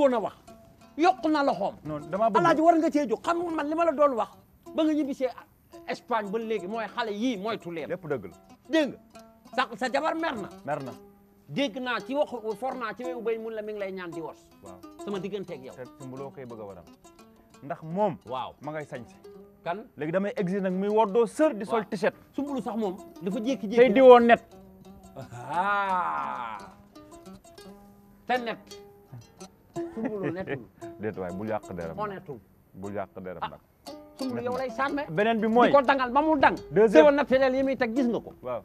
bëggoon a wax yokk na loxoom. non damaa bëgg alaaji war nga cee jóg xam nga man li ma la doon wax ba nga ñibbisee Espagne ba léegi mooy xale yii mooy tulee. lépp dëgg la dégg nga sa sa jabar mer na. mer na dégg naa ci wax for naa ci wewu bay mun la mi ngi lay ñaan di wors. waaw sama digganteeg yow. te Tumbaloo koy bëgg a waram ndax moom. waaw ma ngay sañse kan léegi damay exige nag muy woddoo sër di sol t-shirt. Soumboulou sax moom dafa jékki-jékki. tey diwoo net. Ah. te net. sumbulu nettul. déet waay bul yàq deram honnêtul bul yàq deram nag. Ah, sumbulu yow lay charmer. beneen bi mooy ko dangal ba mu dang. deuxième na naturel yi muy teg gis nga ko. waaw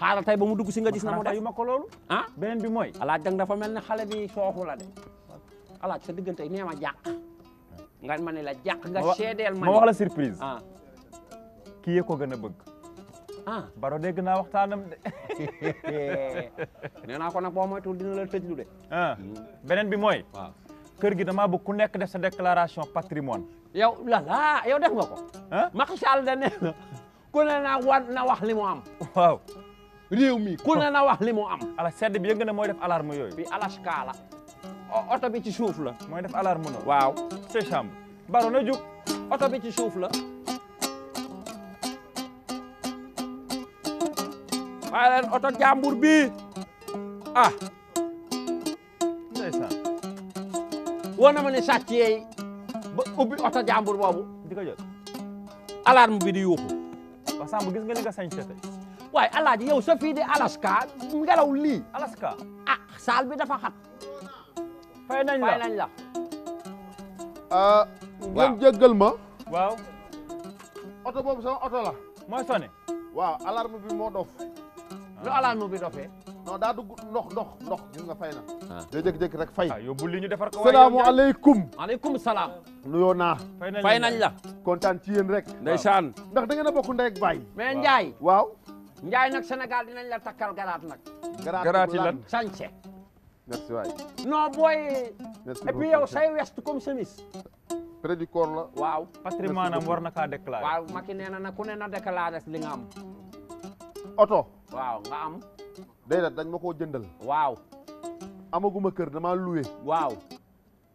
xaaral tey ba mu dugg si nga gis na mu def. yu ma ko loolu. ah beneen bi mooy. alaaj dang dafa mel ne xale bi sooxu la de. alaaj sa diggante nee ma jàq. nga ma ne la jàq nga seedeel ma. ma wax la ah. yee ko gën a bëgg. ah Baro dégg naa waxtaanam de. nee naa ko nag boo moytuwul dina la tëj lu de. Ah. Mm. beneen bi mooy. waaw kër gi damaa bëgg ku nekk def sa déclaration patrimoine yow lala yow def nga ko. Ah? Macky Sall da nee na ku ne na wax li mu am. waaw. réew mi ku ne na wax li mu am. ala sedd bi yëngu na mooy def alarme yooyu. bi alaska kaala oto bi ci suuf la. mooy def alarme noonu. waaw. c'est chambre. Baro na jug. oto bi ci suuf la. waaye leen oto jàmbur bi ah ndeysaan woo na ma ne sàcc yeey ba ubbi oto jàmbur boobu di jël alarme bi di yuuxu waaw Samb gis nga li nga sañse tey waaye alaaji yow Alaska ngelaw lii Alaska ah saal bi dafa xat fay nañ la fay nañ la ah, ma waaw oto boobu sama oto la mooy sone waaw alarme bi moo dof lu alaanu bi dofee non daa dugg ndox ndox ndox gis nga fay na ah. day jékki-jékki rek fay ah, yóbbu li ñu defar ko salaamu aleykum aleykum salaam nuyoo naa fay nañ la kontaan ci yéen rek ndeysaan ndax da a bokk ndey ak baay mais Njaay waaw Njaay nag Sénégal dinañ la takkal garaat nag garaat yi lan sañse merci waay non booy et puis yow say west comme chemise près du corps waaw patrimoine am war na kaa déclaré waaw Macky nee na na ku ne na déclaré li nga oto. waaw nga am. déedéet dañ ma koo jëndal. waaw. amaguma kër dama loué. waaw.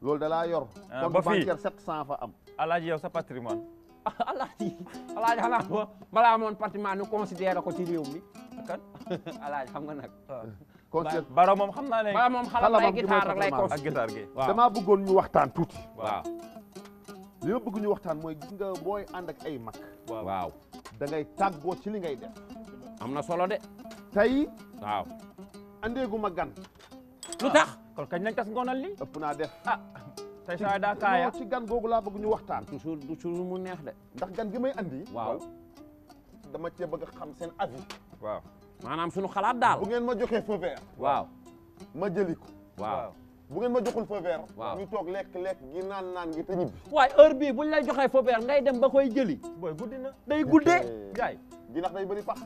loolu da laa yor. Ah, ba fii compte bancaire 700 fa am. alaaji yow sa patrimoine. alaaji alaaji xanaa ba balaa amoon patrimoine ñu considéré ko ci réew mi kan alaaji xam nga nag. Ah. considéré baro moom xam naa ne. baro moom xala may guitare rek lay considéré ak guitare gi. waaw damaa bëggoon ñu waxtaan tuuti. waaw. li ma bëgg ñu waxtaan mooy gis nga booy ànd ak ay mag. waaw dangay ngay tàggoo ci li ngay def. am na solo de. tey. waaw. andeegu ma gan. lu tax ah, kon kañ lañ tas ngonal li ëpp naa def ah. tey saa daa kaaya ci gan googu laa bëgg ñu waxtaan. toujours du mu neex de. ndax gan gi may andi. waaw dama cee bëgg xam seen avis. waaw maanaam sunu xalaat daal. bu ngeen ma joxee feu vert. ma jëli ko. waaw bu ngeen ma joxul feu vert. waaw toog lekk lekk gi naan naan gi te ñibbi. waaye heure bii buñ lay joxee feu vert ngay dem ba koy jëli. booy guddi na day guddee. jaay gi ndax day bëri pax.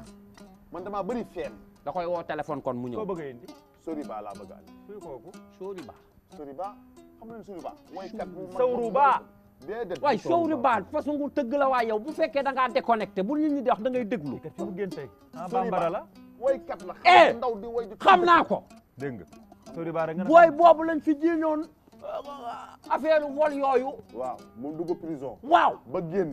man damaa bëri feem. da koy woo téléphone kon mu ñëw. koo bëgg a indi. Soriba laa bëgg a indi. suy kooku Soriba. Soriba xam nga Soriba. tëgg la waa yow bu fekkee da ngaa déconnecté bu nit ñi di wax da ngay déglu. kat bu gën tey. Ah, bambara la way kat la. Eh! ndaw di xam naa ko. dégg nga Soriba rek nga booy boobu lañ fi ji ñoon euh, affaire vol yooyu. waaw moom dugg ba génn.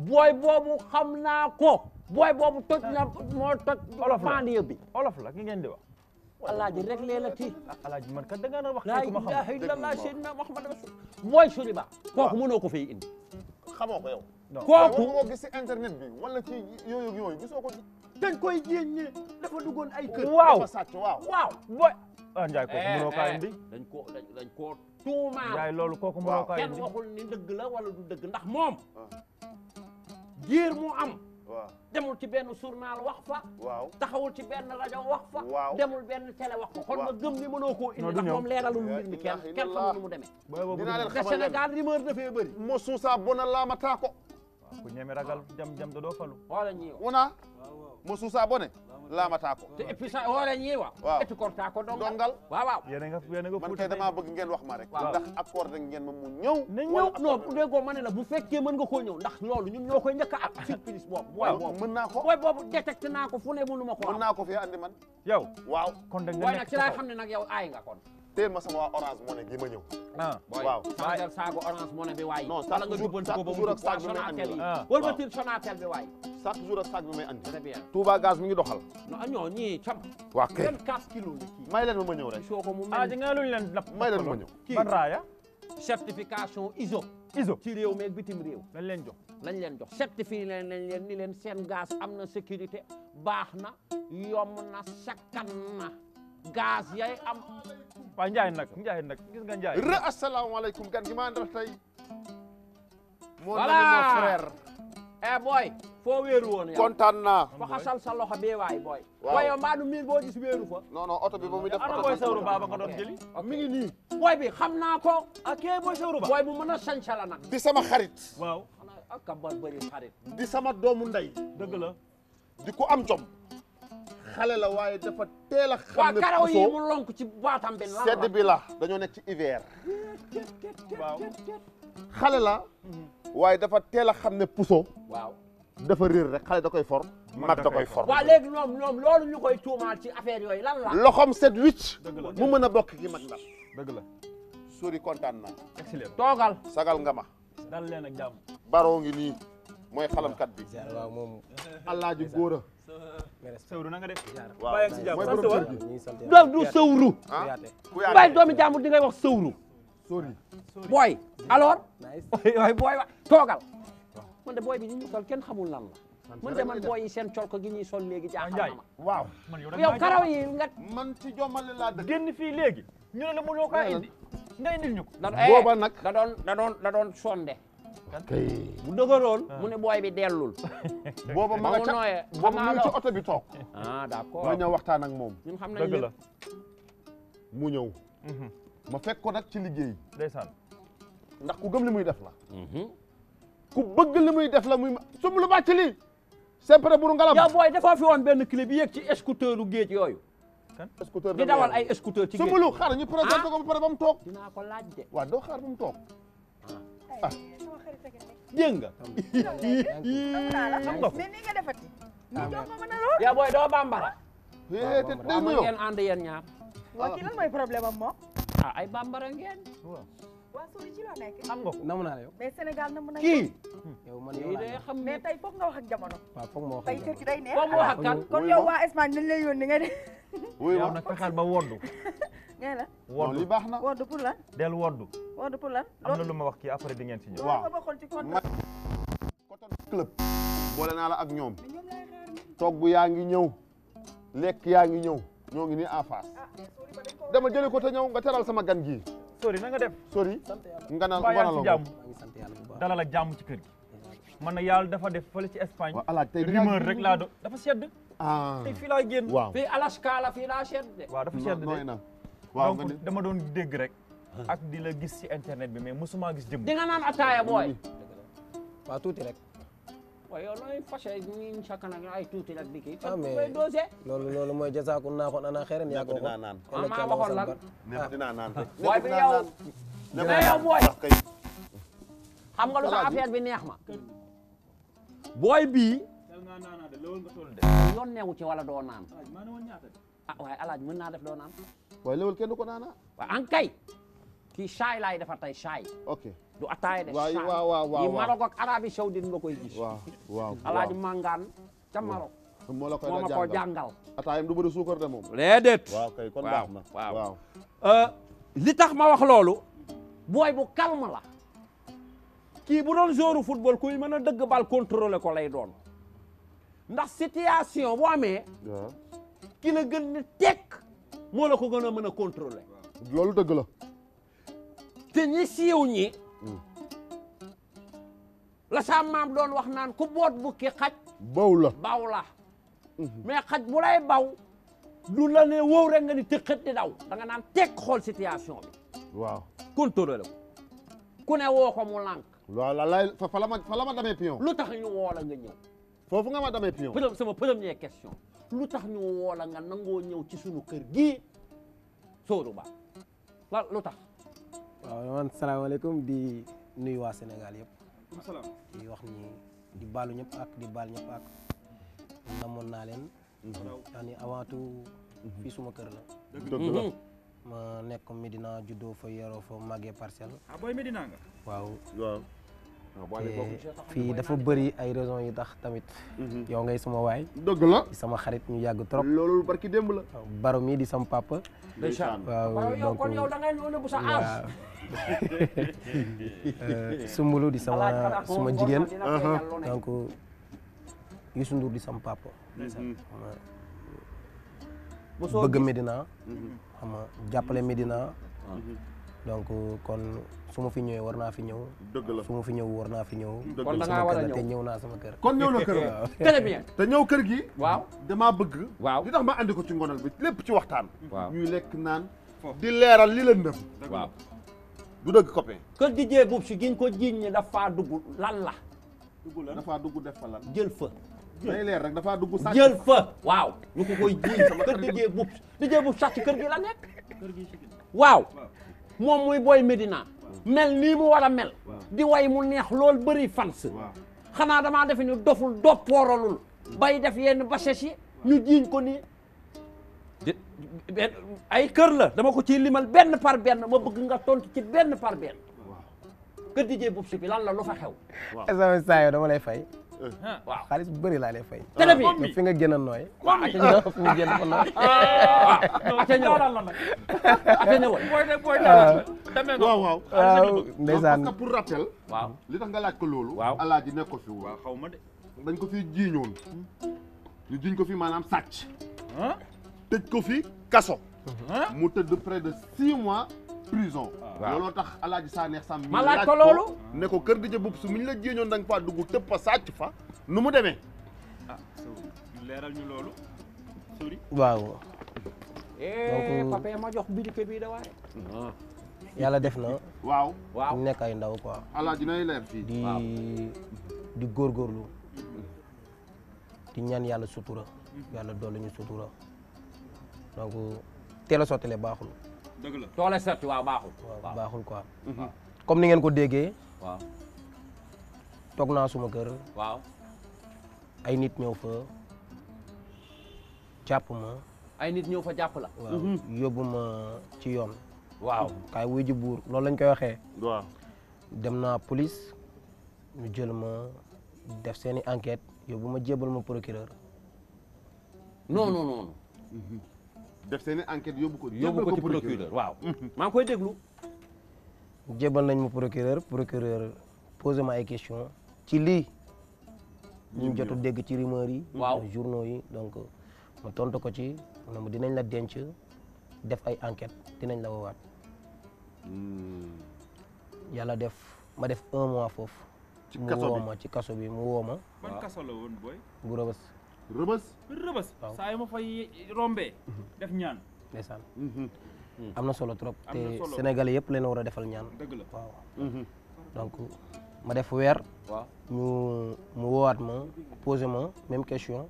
booy boobu xam naa ko. booy boobu toj na moo toj. olof la bi olof la ki ngeen di wax. alaaji rek lee la ti ah, alaaji man kat da ngaa wax. tey ku ma xam laa ilaaha illallaah seydina Muhammad rasul mooy Soriba. waaw kooku mënoo ko fay indi. xamoo ko yow. kooku moo gis si internet bi wala ci yooyu yooyu gisoo ko. dañ koy jéem ñe dafa duggoon ay kër. waaw dafa sàcc waaw waaw booy. ah Ndiaye kooku eh, mënoo kaa eh. indi. dañ koo dañ koo tuumaal. Ndiaye loolu kooku mënoo kaa indi. kenn waxul ni dëgg la wala du dëgg ndax moom. Ah. giir mu am. waaw demul ci benn journal wax fa waaw taxawul ci benn rajo wax fa waaw demul benn télé wax fa kon ma gëm ni mënoo koo indi ndax moom leeralul mbir mi kenn kenn xamul mu demee dinaa leen xamal Sénégal rumeur dafee bëri mo suusa bona laama taa ko ku ñeme ragal jam jam da doo falu wala ñi wona mo suusa bone laamataa ko te et puis sa hoore oh, ñiiwa waaw ettikortaa ko dongal waaw man kay dama bëgg ngeen wax ma rek ndax accordé ngeen ma mu ñëw na ñëw non ma ne la bu fekkee mën nga koo ñëw ndax loolu ñun ñoo koy njëkk a ak surprise boobu boobu mën naa ko ko ko mën andi man yow waaw kon da nga nekk waaye nag ci laa xam ne nag yow aay nga kon teel ma sama waa orange money gi ma ñëw. ah waaw waaye saago orange money bi waay. non chaque jour chaque jour ak saag bi may Sonatel ah. bi waay. chaque jour ak saag bi may andi. mi ngi doxal. non ñoo ah, ñii cam. waa kay la kii. may leen ma ma ñëw rek. soo ko mu mel ah di nga luñ leen dap. may ma ñëw kii ban raaya. certification ISO. ISO ci réew meeg bitim réew. lañ leen jox lañ leen am na sécurité baax na yomb na yay am. waaw Ndiaye nag Ndiaye nag gis nga Ndiaye. re asalaamaaleykum gan gi maa ndal tey. moo nami mon frère. eh boy. foo wéeru woon yow kontaan naa. fa xasal sa loxo bee waay boy. waaw waaye yow maa du miin boo gis wéeru fa. non non oto bi ba muy def ana booy sawru ba ba nga doon jëli. mi ngi nii. boy bi xam naa ko. ak booy sawru ba. boy bu mën a sañcala nag. di sama xarit. waaw xanaa ak kabar bëri xarit. di sama doomu ndey. dëgg la. di ko am jom. xale la waaye dafa teel a. xam ne ci baatam bi la bi la dañoo nekk ci hiver. la. waaye dafa teel a xam ne puso. waaw dafa réer rek xale da koy for. mag da koy for waaw léegi ñoom ñoom loolu ñu koy tuumaal ci affaire yooyu lan la. loxom set wicc. mu mën a bokk ki mag la. dëgg la. kontaan naa. excellent toogal. sagal nga ma. dal leen ak jàmm. baroo ngi nii mooy xalamkat bi. waaw moom. alaaji góora. sëwru na nga def waaye ci jàmm doom du sëwru ah? bay doomi jàmbur di ngay wax sëwru a alors waay booy wa toogal man de booy bi ñu ñu sol kenn xamul lan la man de man booy yi seen col ko gi ñuy sol léegi jaaxal na ma waaw yow karaw yi nga man ci jommale laa fii léegi ñu ne la mënoo kaa indi nga indil ñu ko booba eh, nag da doon da doon da doon sonde kay bu dëgëroon ah. mu ne booy bi dellul. booba ma nga ca booba mu bi toog. ah d'accord ma ñëw waxtaan ak moom. ñun xam nañ dëgg la mu ñëw. Mhm. ma fekk ko nag ci liggéey. ndeysaan ndax ku gëm li muy def la. Mhm. ku bëgg li muy def la muy sumb lu bàcc lii. sempre buru ngalam yow booy dafaa fi woon benn bi yéeg ci scooter lu géej yooyu. kan scooter di dawal ay scooter ci géej. sumb lu xaar ñu présenté ah. ko ba pare ba mu toog. dinaa ko laaj de. waaw doo xaar ba mu toog ah. ah. dégg nga. xam nga ko mais nii nga defati. ñu jox mën a lool. yaa booy doo bambara. Eh, te te te mu ngeen ànd mooy problème am moom. Ah, ay bambara ngeen. waa suuri ci la nekk. xam nga ko namu naa la yow. mais Sénégal namu na kii. yow man yow laa xam mais tey foog nga wax ak jamono. waaw foog ma wax ak jamono tey day neex. foog ma wax ak waa Espagne dañ lay yónni nga de. yow nag fexeel ba woddu. ngay la woddu li baax na woddu pour lan del woddu woddu pour am na lu ma wax kii après di ngeen ci ñëw waaw bokkoon ci coton club boole naa la ak ñoom togg yaa ngi ñëw lekk yaa ngi ñëw ñoo ngi ni nii en face ah, dama jëli ko te ñëw nga teral sama gan gii sori na nga def sori nga na ci jàmm dalal ak jàmm ci kër gi man na yàlla dafa def fële ci Espagne rumeur rek laa do dafa sedd ah tey fii laa génn fii Alaska la fii laa sedd waaw dafa sedd de waaw dama doon dégg rek. ak di la gis ci internet bi mais mosuma gis jëm. di nga naan ataaya booy. waa tuuti rek. wa yow looy fas yéene càkk na ay tuuti rek di kii. ah mais loolu loolu mooy jasaaku naaxoon ko. dinaa naan kon nag càmm waxoon lan. ah naan rek. waaye bi yow. mais xam nga lu tax affaire bi neex ma. booy bii. yoon newu ci wala doo naan. ah waaye alaaj mën naa def doo naan. waaye lewal kenn du ko naana waaw an kii saay laay defar tey saay ok du attaaya de saay waaw waaw waaw yi Maroc ak Arabie Saoudite nga koy Mangaan ca Maroc moo la koy moo ma ko jàngal attaayam du suukar de moom déedéet euh, li tax ma wax loolu booy bu calme la kii bu doon joueur football kuy mën a dëgg bal contrôler ko lay doon ndax situation bu amee ki la gën ni tekk moo la ko gën a mën a la loolu dëgg la. te ñi siiw ñi. la sa maam doon wax naan ku boot bukki xaj. baw la baw la. Mhm. mais xaj bu lay baw. du la ne wow rek nga ni tëqët di daw da nga naan teg xool situation bi. waaw contrôler la ko. ku ne woo ko mu lànk. voilà lay fa ma fa la ma demee pion. lu tax ñu woo la nga ñëw. foofu nga ma demee pion. sama première question. lu tax ñu woo la nga nangoo ñëw ci sunu kër gi Soodu Ba la lu tax. waaw man salaamaaleykum di nuyu waa Sénégal yëpp. di wax ni di baalu ñëpp ak di baal ñëpp ak. namoon naa leen. ndax ni avant tout. fii suma kër la. dëgg la ma nekk Medina juddoo fa yoroo fa màggee parcelle. ah booy Medina nga. waaw. fii dafa bëri ay raison yu tax tamit mhm. yow ngay sama waay di sama xarit ñu yàgg trop loolu barki démb la baro mi di sama papa waaw donc kon euh, sumbulu di sama suma jigéen donc Youssou Ndour di sama papa mhm. bëgg Medina mhm. jàppale Medina donc kon suma fi ñëwee war naa fi ñëw. dëgg la ma fi ñëw war naa fi ñëw. kon da ngaa war a ñëw naa sama kër. kon ñëw na kër très bien. te ñëw kër gi. waaw damaa bëgg. waaw li tax ma andi ko ci ngonal bi lépp ci waxtaan. waaw ñuy lekk naan. di leeral li la ndëm. waaw du dëgg copain. kër DJ Boubs giñ ko jiiñ ne dafaa dugg lan la. dugg la dafaa dugg def fa lan. jël fa. day leer dafaa dugg jël fa waaw. ñu ko koy jiiñ kër DJ Boubs DJ Boubs kër gi la nekk. waaw moom muy booy Medina mel nii mu war a mel di way mu neex lool bari fans xanaa damaa defe ni doful doppooralul bay def yenn baches yi ñu jiiñ ko nii ay kër la dama ko ci limal benn par benn ma bëgg nga tontu ci benn par benn kër DJ Boups bi lan la lu fa xew. waaw saa yoo dama lay fay. waaw xaalis bu bëri laa lay fay. télé bi fi nga gën a nooy. moom mi waaw nga gën a nooy. waaw waaw waaw ah, ndeysaan pour rappel. waaw li tax nga laaj ko loolu. waaw alaaji nekk ko fi waaw xaw ma de. dañ ko fi jiiñoon. ñu jiñ ko fi maanaam sàcc. tëj ko fi kaso. mu tëdd près de six mois prison. Ah. waaw looloo tax alaaji Sanex Samb ma laaj ko loolu ne ko kër Dija Bub su muñ la jéeñoon da nga faa dugg tëb fa sàcc fa nu mu demee ah leeral ñu loolu waaw eh, donc euh, papa ma jox biduke bii da yàlla def na waaw waaw nekk ay ndaw quoi alaaji nay leer di di ñaan yàlla sutura yàlla dolli ñu sutura donc teel a sottale baaxul dëgg la too waaw baaxul. waaw baaxul quoi. Mhm. comme ni ngeen ko déggee. waaw toog naa suma kër. waaw ay nit ñëw fa jàpp ma. ay nit ñëw fa jàpp mhm. ma ci yoon. waaw kaay wuy buur loolu lañ koy waxee. dem naa police ñu jël ma def seeni enquête yóbbu ma jébal ma procureur. non non mhm. def seen enquête yóbbu ko. yóbbu waaw. Mm-hmm. maa koy déglu. jébal nañ ma procureur procureur posé ma ay question ci lii. ñu jotu dégg ci rumeur yi. waaw journaux yi donc ma tontu ko ci na mu dinañ la denc def ay enquête dinañ la woowaat. Mm. yàlla def ma def un mois foofu. ci kaso mu woo ci kaso bi mu woo ma. rëbës rëbës saa yi ma fay rombee mhm. def ñaan mhm. mm. am na solo trop te sénégalais yëpp leen war a defal ñaan dëgg mhm. donc ma def weer waaw ñu mu woowaat ma posé ma même question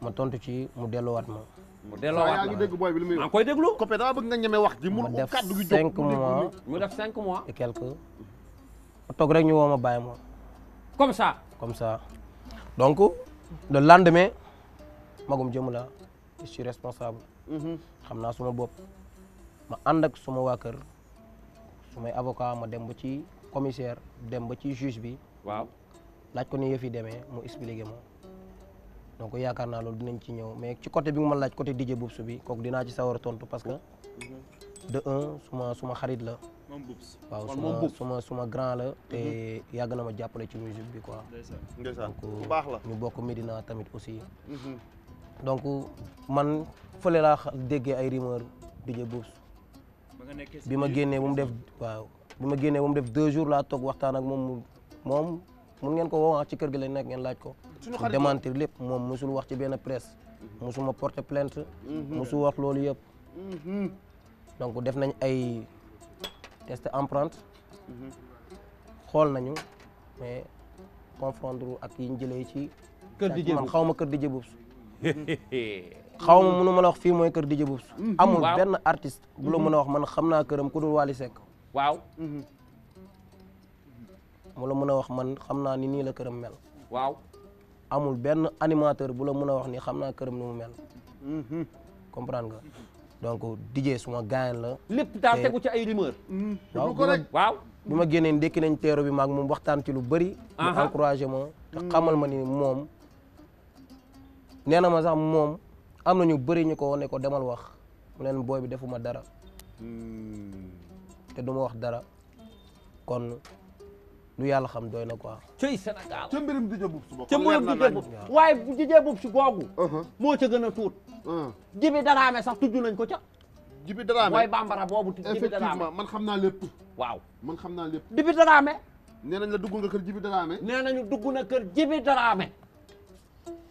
ma tontu ci mu delluwaat ma mu delloowaat yaa ngi dégg booy bi li muy wax koy déglu copé daa bëgg nga ñeme wax ji mu kaddu gi jóg mu def cinq mois et quelque ma toog rek ñu woo ma bàyyi ma comme ça comme ça donc le lendemain magum jëm la je suis responsable. Mhm. xam naa suma bopp ma ànd ak suma waa kër sumay avocat ma dem ba ci commissaire dem ba ci juge bi. waaw laaj ko ni yëf yi demee mu expliqué ma donc yaakaar naa loolu dinañ ci ñëw mais ci côté bi nga ma laaj côté DJ Boubs bi kooku dinaa ci sawar tontu parce que mhm. de un suma suma xarit la. waaw suma suma suma grand la te mhm. yàgg na ma jàppale ci musique bi quoi donc euh, baax la ñu bokk Medina tamit aussi mhm. donc man fële laa déggee ay rumeur DJ Boubs bi ma génnee bu mu def waaw bi ma génnee bu def deux jours la toog waxtaan ak moom moom mun ngeen ko woo ah, ci kër gi lañ nekk ngeen laaj ko su démentir lépp moom mosul wax ci benn presse mosuma mhm. porter plainte mosul wax loolu yëpp donc def nañ ay test empreinte xool nañu mais confondre ak yi ñu jëlee ci. kër Dj man xaw ma kër Dj Boubs. xaw ma mënu ma la wax fii mooy kër Dj Boubs. Mhm. amul benn artiste. bu la mhm. mën a wax man xam naa këram ku dul Wally Seck. waaw. Mhm. mu la mën a wax man xam naa ni nii la këram mel. waaw. amul benn animateur bu la mën a wax ni xam naa këram ni mu mel. comprendre donc DJ suma gaañ la. lépp daal tegu ci ay rumeur. Mm. waaw waaw. bi ma génnee ndekki nañ teeru bi maag moom waxtaan ci lu bëri. mu encouragé ma. Mm. ma ni moom nee na ma sax moom am na ñu bëri ñu ko ne ko demal wax mu leen booy bi defuma dara. Mm. te du wax dara kon. lu yàlla xam doy na ko cëy Sénégal ca mbirum dijee bub boobu. waaye dijee bub googu. Uh-huh. moo ca gën a tuut. Uh-huh. jibi daraame sax tudd nañ ko ca. jibi daraame mooy bambara boobu. jibi man xam naa lépp. waaw man xam naa lépp. jibi nee nañ la dugg nga kër jibi daraame. nee nañu dugg na kër jibi daraame.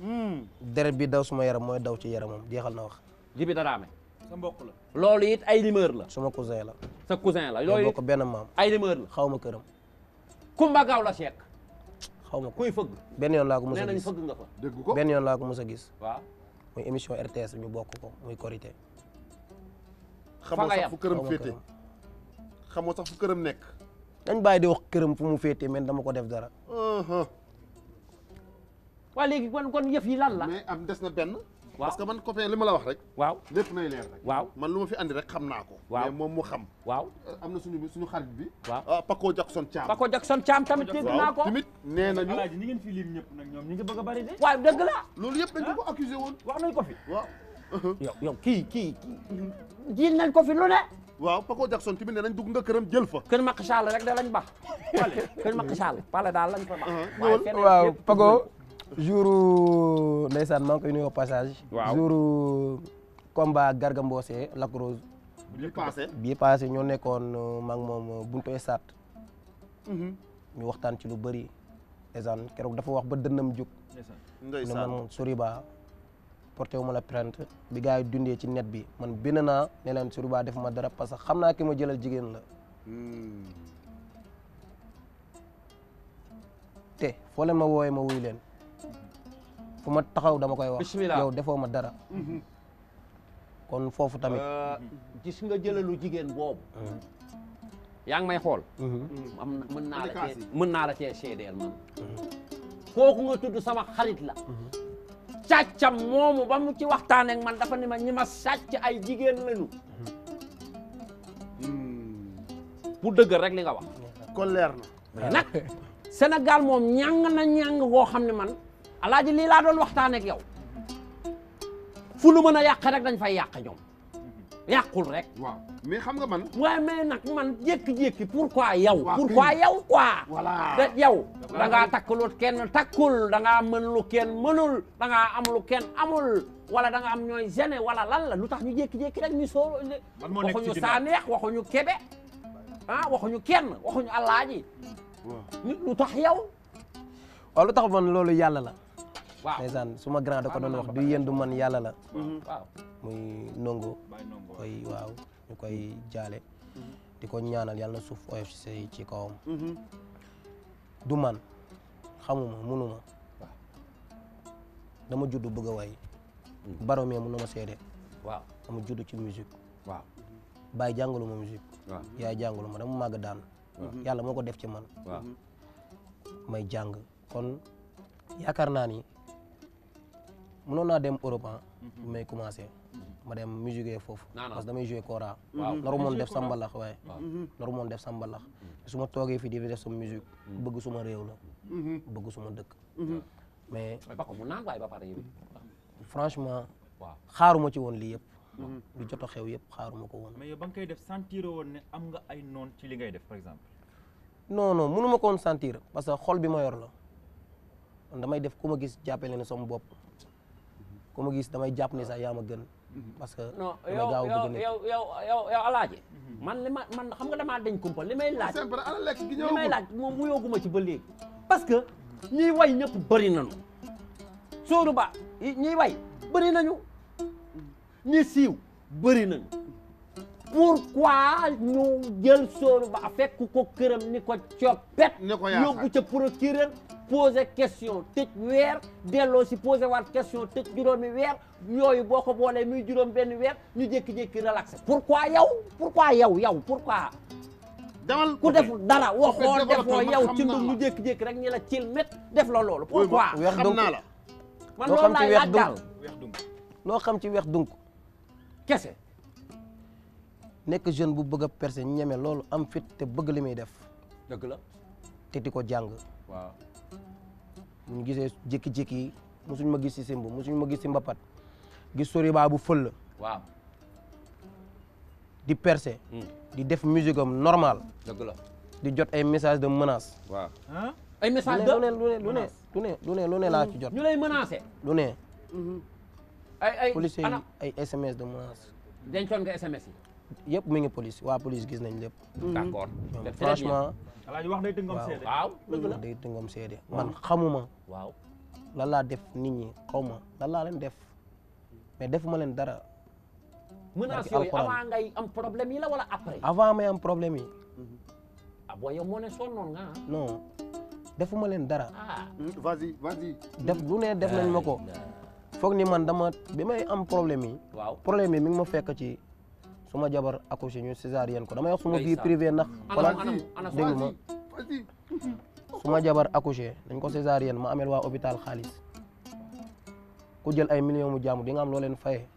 Hmm. deret bi daw suma yaram mooy daw ci yaramam jeexal na wax. jibi daraame. sa mbokk la. loolu it ay rumeur la. suma cousin la. sa cousin la loolu it benn maam ay rumeur la xaw ma këram. Kumba Gaaw la Cheikh. xaw ma ko kuy fëgg. benn yoon laa ko mos a gis nee nañ fëgg nga ko. dégg ko benn yoon laa ko mos a gis. waaw muy émission RTS ñu bokk ko muy Korité. xamoo sax fu këram féete xamoo sax fu këram nekk. dañ bàyyi di wax këram fu mu féete mais dama ko def dara. waa léegi kon kon yëf yi lan la. mais am des na benn. waaw que man copain li ma la wax rek. waaw lépp nay leer rek. waaw man lu ma fi andi rek xam naa ko. waaw mais moom mu xam. waaw euh, am na suñu suñu xarit bi. waaw ah, Paco Jackson Thiam. Paco Jackson Thiam tamit dégg naa ko. tamit nee nañu Alaaji ñoom ñu ngi bëgg a bari de. waaw dëgg la. loolu yëpp dañu ko ah. accusé woon. wax nañ ko waaw. kii kii jiil nañ ko fi lu ne. waaw Paco Jackson tamit nee nañ dugg nga këram jël fa. kër Macky Sall rek da lañ bax. kër Macky Sall pale daal lañ fa bax. Uh-huh. waaw Paco jour ndeysaan maa ngi koy nuyoo passage. waaw jour combat Garga Mbossé Lac Rose. bii passé ñoo nekkoon euh, ma ak moom euh, Buntu Esat. Mhm. ñu waxtaan ci lu bëri. ndeysaan keroog dafa wax ba dënnam jóg. ndeysaan ne man Soriba wu ma la plainte bi gars yi dundee ci net bi man bind naa ne leen Soriba def ma dara parce que xam naa ki ma jëlal jigéen la. Hmm. te foo ma woowee ma wuyu leen. fu ma taxaw dama koy wax. bismillah yow defoo ma dara. Mhm. kon foofu tamit. Euh, gis nga lu jigéen boobu. Mhm. yaa ngi may xool. Mhm. Mm, am na mën naa la cee mën naa la cee seedeel man. kooku nga tudd sama xarit la. càccam moomu ba mu ci waxtaan man dafa ne ma ñi ma sàcc ay jigéen lañu. Mm. bu dëgg rek li nga wax. na. mais moom ñàng na ñàng koo xam ne man. alaaji lii laa doon waxtaan ak yow fu mën a yàq rek dañ fay yàq ñoom yàqul rek. waaw mais xam nga man. waaye mais nag man jékki-jékki pourquoi yow. pourquoi yow quoi. voilà yow. da ngaa takk lu kenn takkul da ngaa mën lu kenn mënul da ngaa am lu kenn amul wala da nga am ñooy gêné wala lan la lu tax ñu jékki-jékki rek ñu soo. man moo nekk ci waxuñu Sanex waxuñu Kébé ah waxuñu kenn waxuñu Alaaji. lu tax yow. waaw lu tax man loolu yàlla la. ndeysaan suma grand da ko doon wax du yéen du man yàlla la mm-hmm. muy nongo koy jaale mm-hmm. di ko ñaanal yàlla na suuf oyof si ci kawam mm-hmm. du man xamuma munuma dama juddu bëgg a way baromee mun na ma seede dama judd ci musique waaw bàyyi jàngalu ma musique waaw yaay jàngalu ma dama màgg daan yàlla moo ko def ci man may jàng kon yaakaar naa ni mënoon naa dem Europe bu ah. mhm. may commencé mhm. ma dem musique foofu parce que damay joué kora naru moon mhm. def sambalax waaye naru moon def sambalax su ma toogee fii di def sama musique bëgg suma réew la bëgg suma dëkk mais franchement xaaruma ci woon lii yëpp lu jot a xew yëpp xaaruma ko woon mais yow ba nga koy def sentir woon ne am nga ay noon ci li ngay def par exemple non non mënuma ko woon santir parce que xol bi ma yor la man damay def ku ma gis jàppale ne sama bopp ku ma gis damay jàpp ni sax yaa ma gën. Mm-hmm. parce que non yow yow yow yow yow alaaji mm-hmm. man li ma man xam nga damaa dañ kumpa li may moom mu ci ba léegi parce que ñiy way ñëpp bëri nañu sóoru ba ñiy way bëri nañu ñi siiw bëri nañu pourquoi ñu jël sóoru ba fekk ko këram ni ko coppet yóbbu ca procureur posé question tëj weer delloo si posé waat question tëj juróomi weer yooyu boo ko boolee muy juróom benn weer ñu jékki-jékki relaxé pourquoi yow pourquoi yow yow pourquoi demal ku def dara waxoo defoo yow ci ndum ñu jékki-jékki rek ñi la cil mét def la loolu pourquoi xam naa la man loolu laay laaj daal loo xam ci weex dunk kese nekk jeune bu bëgg a percé ñeme loolu am fit te bëgg li muy def dëgg la te di ko jàng ñu gisee jékki-jékki mosuñ ma gis si simb mosuñ ma gis si mbapat gis Soriba bu fël. waaw di perse hmm. di def musique am normal. dëgg di jot ay message de menace. waaw ay message de lu ne lu ne lu ne laa ci jot. ñu lay menacé. lu ne. Mm-hmm. ay ay police ay SMS de menace. dencoon nga SMS yi. yëpp mu ngi police waa police gis nañ lépp. Mm-hmm. franchement. alaaji wax day tëngoom seede waaw dëgg la day tëngoom seede man xamuma waaw lan laa def nit ñi xaw ma lan laa leen def mais defuma leen dara menace yooyu avant am problème yi la avant may am problème yi ah yow moo ne sonnoon nga ah. defuma leen dara ah. hmm, vas-y def lu ne def nañ ma ko foog ni man dama bi may am problème yi waaw yi mi ma fekk ci su ma jabar accouché ñu césarienne ko dama wax suma vie privée ndax wala déglu ma su ma jabar accouché dañ ko césarienne ma amel waa hôpital xaalis ku jël ay million mu jaamu di nga am loo leen faye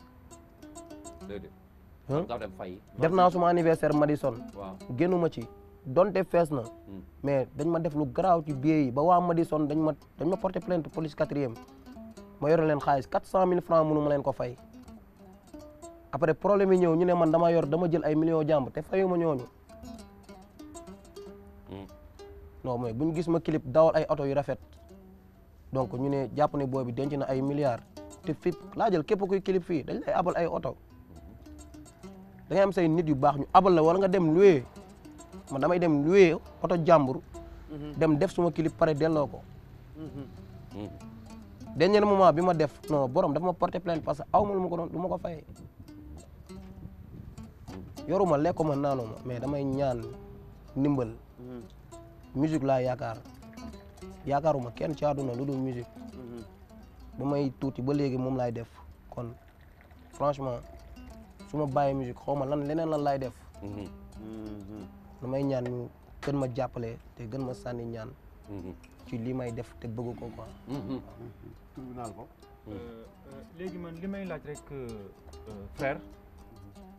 def naa suma anniversaire Madison ma ci don donte fees na hmm. mais dañ ma def lu garaaw ci biir yi ba waa Madison dañ ma dañ ma porté plainte police quatrième ma yore leen xaalis quatre cent mille francs mënu ma leen ko fay après problème yi ñëw ñu ne man dama yor dama jël ay millions jàmbur te fayu ma ñooñu hmm. non mais bu gis ma clip dawal ay oto yu rafet donc ñu ne jàpp ne booy bi denc na ay milliards te fi laa jël képp kuy clip fii dañ lay abal ay oto da ngay am say nit yu baax ñu abal la wala nga dem loué man damay dem loué oto jàmbur. Mhm. dem def suma clip pare delloo ko. Mhm. Hmm. dernier moment bi ma def non borom dafa ma porté plainte parce aw ma lu ma ko doon du ma ko fay. yoruma lekkuma naanuma mais damay ñaan ndimbal. Mm-hmm. musique laa yaakaar yaakaaruma kenn ci àdduna lu du musique. Mm-hmm. ba may tuuti ba léegi moom laay def kon franchement su ma bàyyee musique xaw ma lan leneen lan laay def. damay mm-hmm. ñaan ñu gën ma jàppale te gën ma sànni ñaan. ci lii may def te bëgg ko quoi.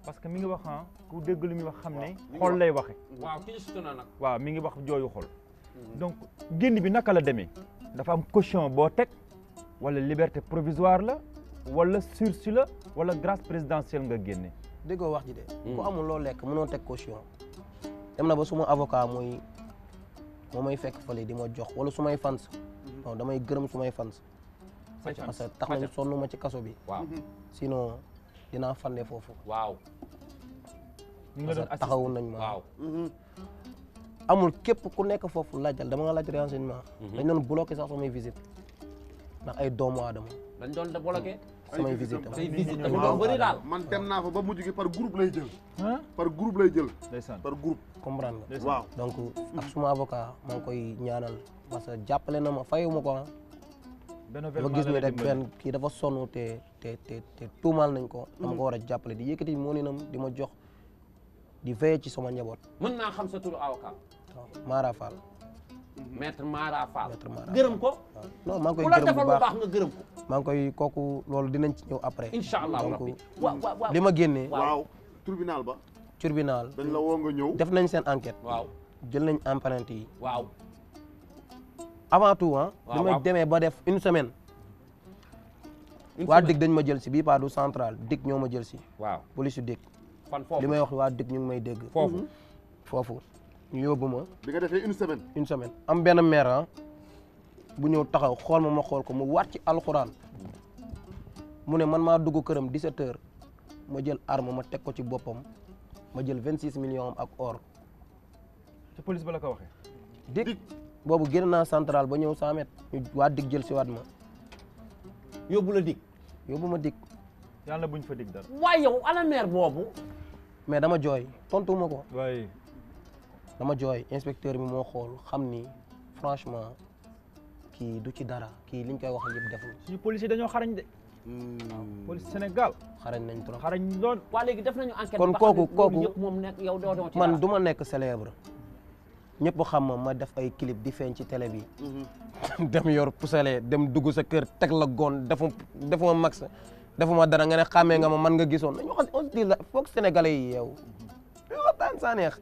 parce que mi ngi wax ah ku dégg lu muy wax xam ne. xool lay waxe waaw ki waaw mi ngi wax jooyu xool. Mhm. donc génn bi naka la demee. dafa am caution boo teg wala liberté provisoire la wala sursis la wala grâce présidentielle nga génne. déggoo wax ji de. Mhm. ku amul loo lekk mënoo teg caution. dem na ba suma avocat mooy moo may fekk fële di ma jox wala su may fans. Mhm. non damay gërëm sumay may fans. tax nañu sonn ma ci kaso bi. waaw sinon. dinaa fande foofu. waaw. ñu ngi doon taxawu nañ ma mhm. képp ku nekk foofu laajal dama nga laaj renseignement. Mhm. dañ doon bloqué sax samay visite ndax ay doomu aadama. dañ doon bloqué. samay visite am visite am man dem naa fa ba mujj gi par groupe lay jël. par groupe lay jël. ndeysaan par groupe. comprendre nga. waaw donc ak suma avocat maa koy ñaanal parce que jàppale na ma fayu ma ko ah. dafa gis ni benn kii dafa sonn te te te tuumaal nañ ko dama mhm. ko war a jàppale di yëkkati moo ninam di ma jox di veillé ci sama njaboot mën naa xam sa turu avocat waaw mhm. Mara Fall gërëm ko non maa bu baax nga gërëm ko maa ngi koy kooku loolu dinañ ci ñëw après incha allah donc li ma génnee waaw tribunal ba turbinal dañ la woo def nañ seen enquête waaw jël nañ empreinte yi waaw avant tout ah. waaw waaw demee ba def une semaine. waa DIC dañ ma jël si bii pas du central dégg ñoo ma jël si. waaw police su DIC. fan foofu may wax waa DIC ñu may dégg. foofu mhm. foofu ñu yóbbu ma. bi nga defee une semaine. une semaine am benn maire bu ñëw taxaw xool ma ma xool ko mu waat ci alxuraan mu ne man maa dugg këram 17h ma jël arme ma teg ko ci boppam ma jël vingt 26 million ak or. te police ba la ko waxe DIC. boobu génn naa central ba ñëw 100 mètres ñu waa dig jël si waat ma. yóbbu la dig. yóbbu ma dikk yàlla buñ fa dig dara. waaye yow ana boobu. mais dama jooy tontu ma ko. dama jooy inspecteur bi moo xool xam ni franchement kii du ci dara kii liñ koy wax yëpp defuñu. suñu dañoo xarañ de. Hmm. police Sénégal. xarañ nañ trop xarañ lool. waa léegi def nañu enquête. kon kooku kooku moom nekk yow doo doo ci man du ma nekk célèbre. ñëpp xam ma ma def ay clip di feeñ ci télé bi. Mhm. dem yor pusale dem dugg sa kër teg la goon defu defuma max defuma dara nga a xàmmee nga ma man nga gisoon nañu wax on dit la foog sénégalais yi yeewu. yow waxtaan saa neex.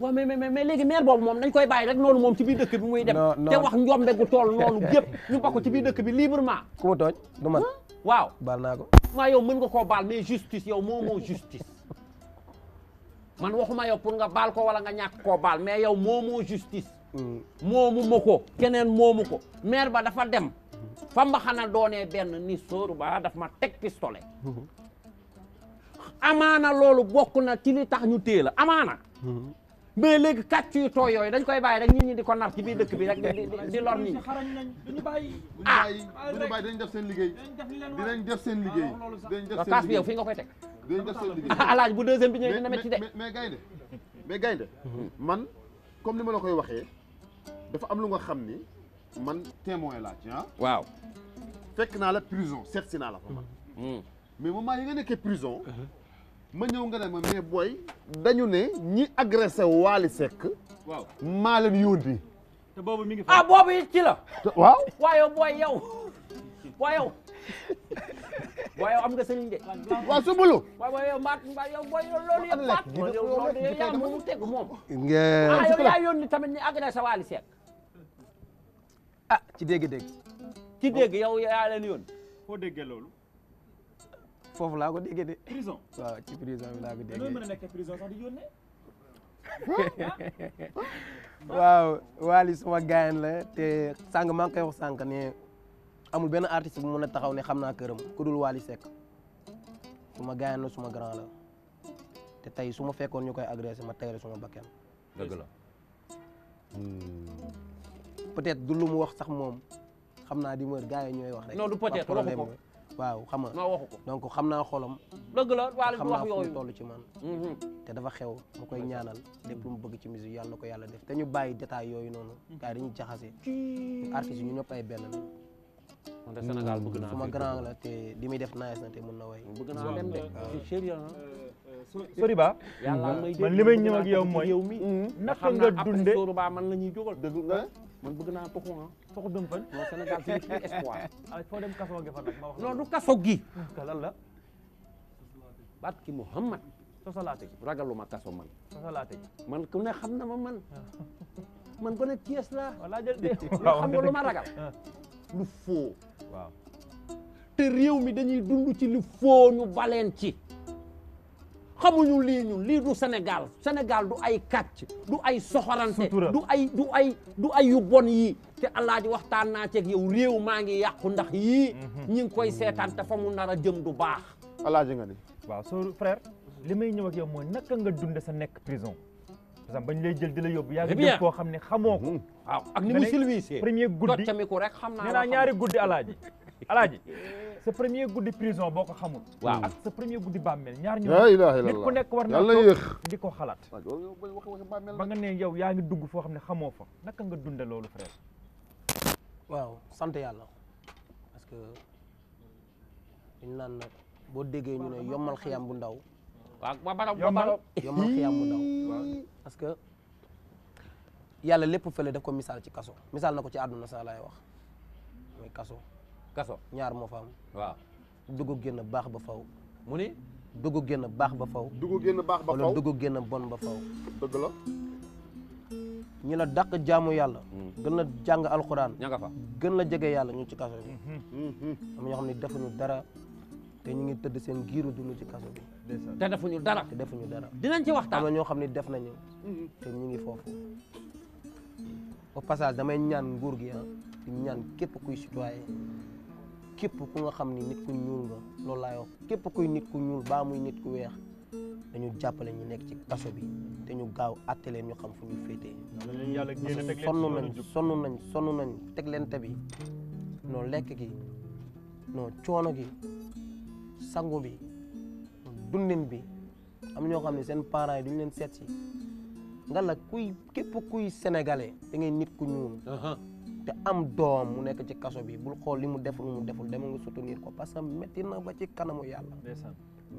waaw mais mais mais boobu moom nañ koy bàyyi rek noonu moom ci biir dëkk bi muy dem. te wax njombe gu tool noonu yëpp ñu bokk ci biir dëkk bi librement. ku mu tooñ du man waaw baal naa ko. waaw yow mën nga koo baal mais justice yow moo moo man waxuma yow pour nga baal ko wala nga ñàkk koo baal mais yow moomoo justice mm. moomu ma ko keneen moomu ko maire ba dafa dem ba fa mbaxana doonee benn ni sóoru ba daf ma teg pistolet amaana loolu bokk na ci li tax ñu téye la amaana mm-hmm. mais léegi kàcc yu tooy yooyu dañ koy bàyyi rek nit ñi di ko nar ci biir dëkk bi rek di lor nit ñi a duñu bàyyi dañ ah! def seen liggéey dinañ def seen liggéey ah! dinañ def seen liggéey bi yow fi nga koy teg dinañ def seen liggéey alaaj bu deuxième bi ñëwee dina métti de mais gaynde mais man comme ni ma la koy waxee dafa am lu nga xam ni man témoin laa ci ah waaw fekk naa la prison seet si naa la fa man hmm. mais moment yi nga nekkee prison uh-huh. ma ñëw nga ne ma mais dañu ne ñi agressé Wally Seck waaw maa leen yónni te boobu mi ngi fa ah boobu it ci la waaw waaw yow booy yow waaw yow waaye am nga sëriñ de. subulu. waaw waaye yow Mbacke Mbacke yow booy loolu yëpp Mbacke. yaa moom mu teg moom. ngeen ah yow yaa yónni tamit ñu àgg na sa waali seet. ah ci dégg-dégg. ci dégg yow yaa leen yónni. foo déggee loolu. foofu laa ko déggee de. prison ci prison bi laa ko déggee. loolu mën na nekk suma gaayan la te sànq maa ngi koy wax sànq ne. amul benn artiste bu mën a taxaw ne xam naa këram ku dul Wally Seck suma gaañoon suma grand te tey su ma fekkoon ñu koy agressé ma tey la suma bakkan. dëgg la. Hmm. du lu mu wax sax moom xam naa di mër gars yi ñooy wax rek. non du peut-être waaw xam nga. waxu ko xam naa xolam. wax yooyu xam naa toll ci man. Mm-hmm. te dafa xew mu koy ñaanal lépp lu mu bëgg ci musique yàlla na ko yàlla def te ñu bàyyi détail yooyu noonu. gars yi dañuy jaxase. artistes yi ñu ñëpp ay benn la. moom te Sénégal bëgg naa suma grand te li muy def nice na te mun na way bëgg naa dem de sérieux Soriba man li may ñëw ak yow mooy yow mi mm-hmm. naka nga dunde Soriba man la ñuy jógal dëgg nga man bëgg naa toxu ah toxu dem fan non Sénégal c'est plus espoir foo dem kaso gi fan nag ma wax non du kaso gi lan la baat ki Mouhamad sosalaate ji ragaluma kaso man sosalaate ji man ku ne xam na ma man man ku ne Thiès laa xam nga lu ma ragal ah. lu faux waaw te réew mi dañuy dund ci lu faux ñu baleen ci xamuñu lii ñun lii du Sénégal Sénégal du ay kàcc du ay soxorante du ay du ay du ay yu bon yii te alaaji waxtaan naa ceeg yow réew maa ngi yàqu ndax yii mhm. ñi ngi koy seetaan te fa mu nar a jëm du baax alaaji nga ni waaw soo frère li may ñëw ak yow mooy naka nga dunde sa nekk prison par exemple bañ lay jël di la yóbbu. yaa ngi jël koo xam ne xamoo ko. Mm-hmm. waaw ak ni mu silvissé premier guddi ko rek xam naa nee naa ñaari guddi alaaji alaaji sa premier guddi prison boo ko xamul. waaw ak sa premier guddi bàmmeel ñaar ñu. nit ku nekk war na di ko xalaat. ba nga ne yow yaa ngi dugg foo xam ne xamoo fa na nga dunde loolu frère. waaw sant yàlla parce que dañu naan boo déggee ñu ne yombal xiyam bu ndaw. waaw yombal yombal bu ndaw. parce que yàlla lépp fële def ko misaal ci kaso misaal na ko ci àdduna sa laay wax mooy kaso. kaso ñaar moo fa am. waaw dugg génn baax ba faw mu ni dugg génn baax ba faw dugg génn baax ba faw wala dugg génn bon ba faw dëgg la. ñi la dàq jaamu yàlla. Hmm. gën la jàng alxuraan. ña gën la jege yàlla ñu ci kaso bi. Hmm. Hmm. am ñoo xam ne defuñu dara. te ñu ngi tëdd seen giiru dund ci kaso bi. te defuñu dara defuñu dara. dinañ ci waxtaan am ñoo xam ne def nañu. Mm-hmm. te ñu ngi foofu. au passage damay ñaan nguur gi ah di ñaan képp kuy citoyen képp ku nga xam ni nit ku ñuul nga loolu laay wax képp kuy nit ku ñuul baa muy nit ku weex dañu jàppale ñu nekk ci kaso bi te ñu gaaw àtte leen ñu xam fu ñu féetee. sonn nañ sonn nañ sonn nañ teglente bi non lekk gi non coono gi. sangu bi dundin bi am ñoo xam ne seen parent yi duñ leen seet si nga la kuy képp kuy sénégalais da ngay nit ku ñuul uh-huh. te am doom mu nekk ci kaso bi bul xool li mu def lu deful dama nga soutenir ko parce que métti na ba ci kanamu yàlla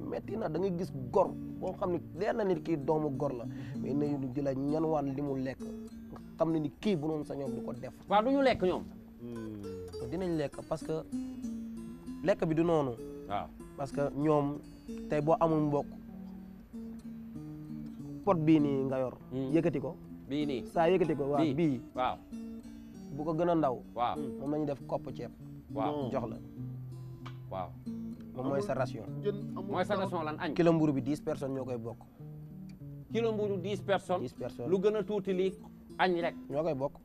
métti na da ngay gis gor boo xam ne leer na nit kii doomu gor la mais nañu di la ñanwaan li mu lekk nga xam ne ni kii bu noonu sa ñoom du ko def waaw du ñu lekk ñoom hmm. dinañ lekk parce que lekk bi du noonu waaw parce que ñoom tey boo amul mbokk pot bii nii nga yor. Hmm. yëkkati ko. bii nii saa yëkkati ko waaw bii. waaw bu gën a ndaw. waaw moom la def kopp ceeb. waaw jox la. waaw moom mooy sa ration. sa ration lan añ. kilo mburu bi dix personnes ñoo koy bokk. kilo mburu dix personnes. lu gën a tuuti lii añ rek. ñoo koy bokk.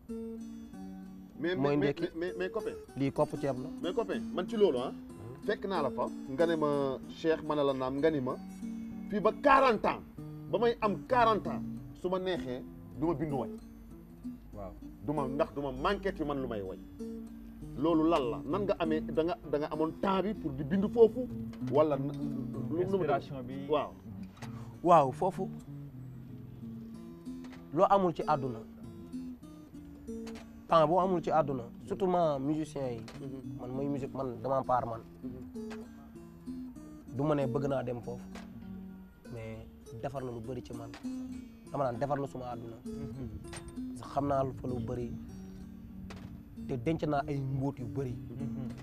mooy ndekki mais lii kopp ceeb la. fekk naa la fa nga ne ma Cheikh ma ne la naam nga ni ma fii ba 40 ans ba may am 40 ans su ma neexee du ma bindu way waaw du ma ndax du ma manqué ci man lu may way loolu lan la nan ga amee da nga da nga amoon temps bi pour di bindu foofu wala. inspiration bi waaw. waaw foofu loo amul ci àdduna. temps boo amul ci àdduna surtout ma musiciens yi mm-hmm. man mooy musique man dama paar man mm-hmm. du ma ne bëgg naa dem foofu mais defar na lu bëri ci man dama naan defar na suma àdduna mm-hmm. xam naa lu fa lu bëri te denc naa ay mbóot yu bëri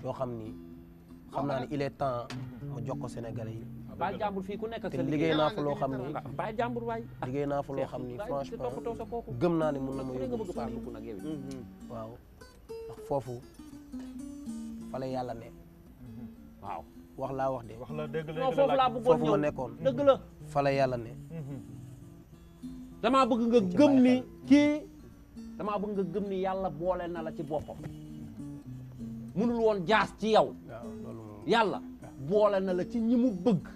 yoo xam ni xam naa ne il est temps ma jox ko yi bàyyi jàmbur fii ku nekk ak liggéey naa fa loo xam ni ah, bàyyi jàmbur waay naa xam ni franchement gëm naa ne mën na ma yóbbu mm-hmm. waaw ndax foofu fa la yàlla ne laa wax de foofu laa bëggoon foofu nekkoon dëgg la mm-hmm. fa yàlla ne mm-hmm. damaa bëgg nga gëm ni kii damaa bëgg nga gëm ni yàlla boole na la ci boppam mënul woon jaas ci yow yàlla boole na la ci ñi mu bëgg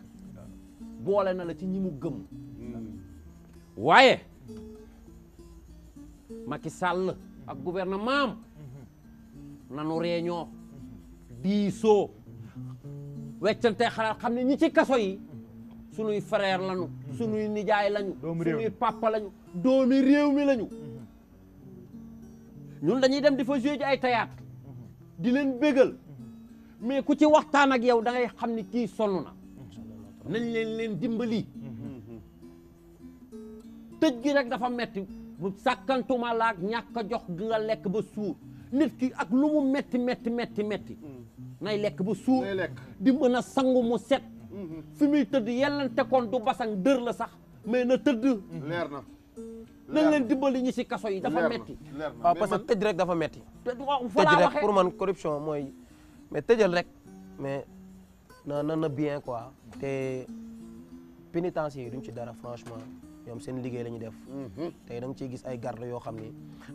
boole na la ci ñi mu gëm mm. waaye Macky Sall ak gouvernement na mm-hmm. nanu réunion mm-hmm. diisoo mm-hmm. weccante xalaat xam ne ñi ci kaso yi sunuy frère lañu sunuy nijaay lañu sunuy papa lañu doomi réew mi lañu ñun dañuy dem di fa jouer ji ay théâtre leen bégal mais ku ci waxtaan ak yow da xam ni kii sonn na nañ leen leen dimbali tëj gi rek dafa metti bu sàkkantuma laak ñàkk jox gi lekk ba suur nit ki ak lu mu metti metti metti metti nay lekk ba suur di mën a sangu mu set mhm. fi muy tëdd yellante kon du basang dër la sax mais na tëdd leer na nañ leen dimbali ñi si kaso yi dafa metti waaw parce que tëj rek dafa metti tëj rek pour man corruption mooy mais tëjal rek na na na bien quoi te pénitencier yi duñ ci dara franchement ñoom seen liggéey la def mhm. tey da nga gis ay garde yoo xam ni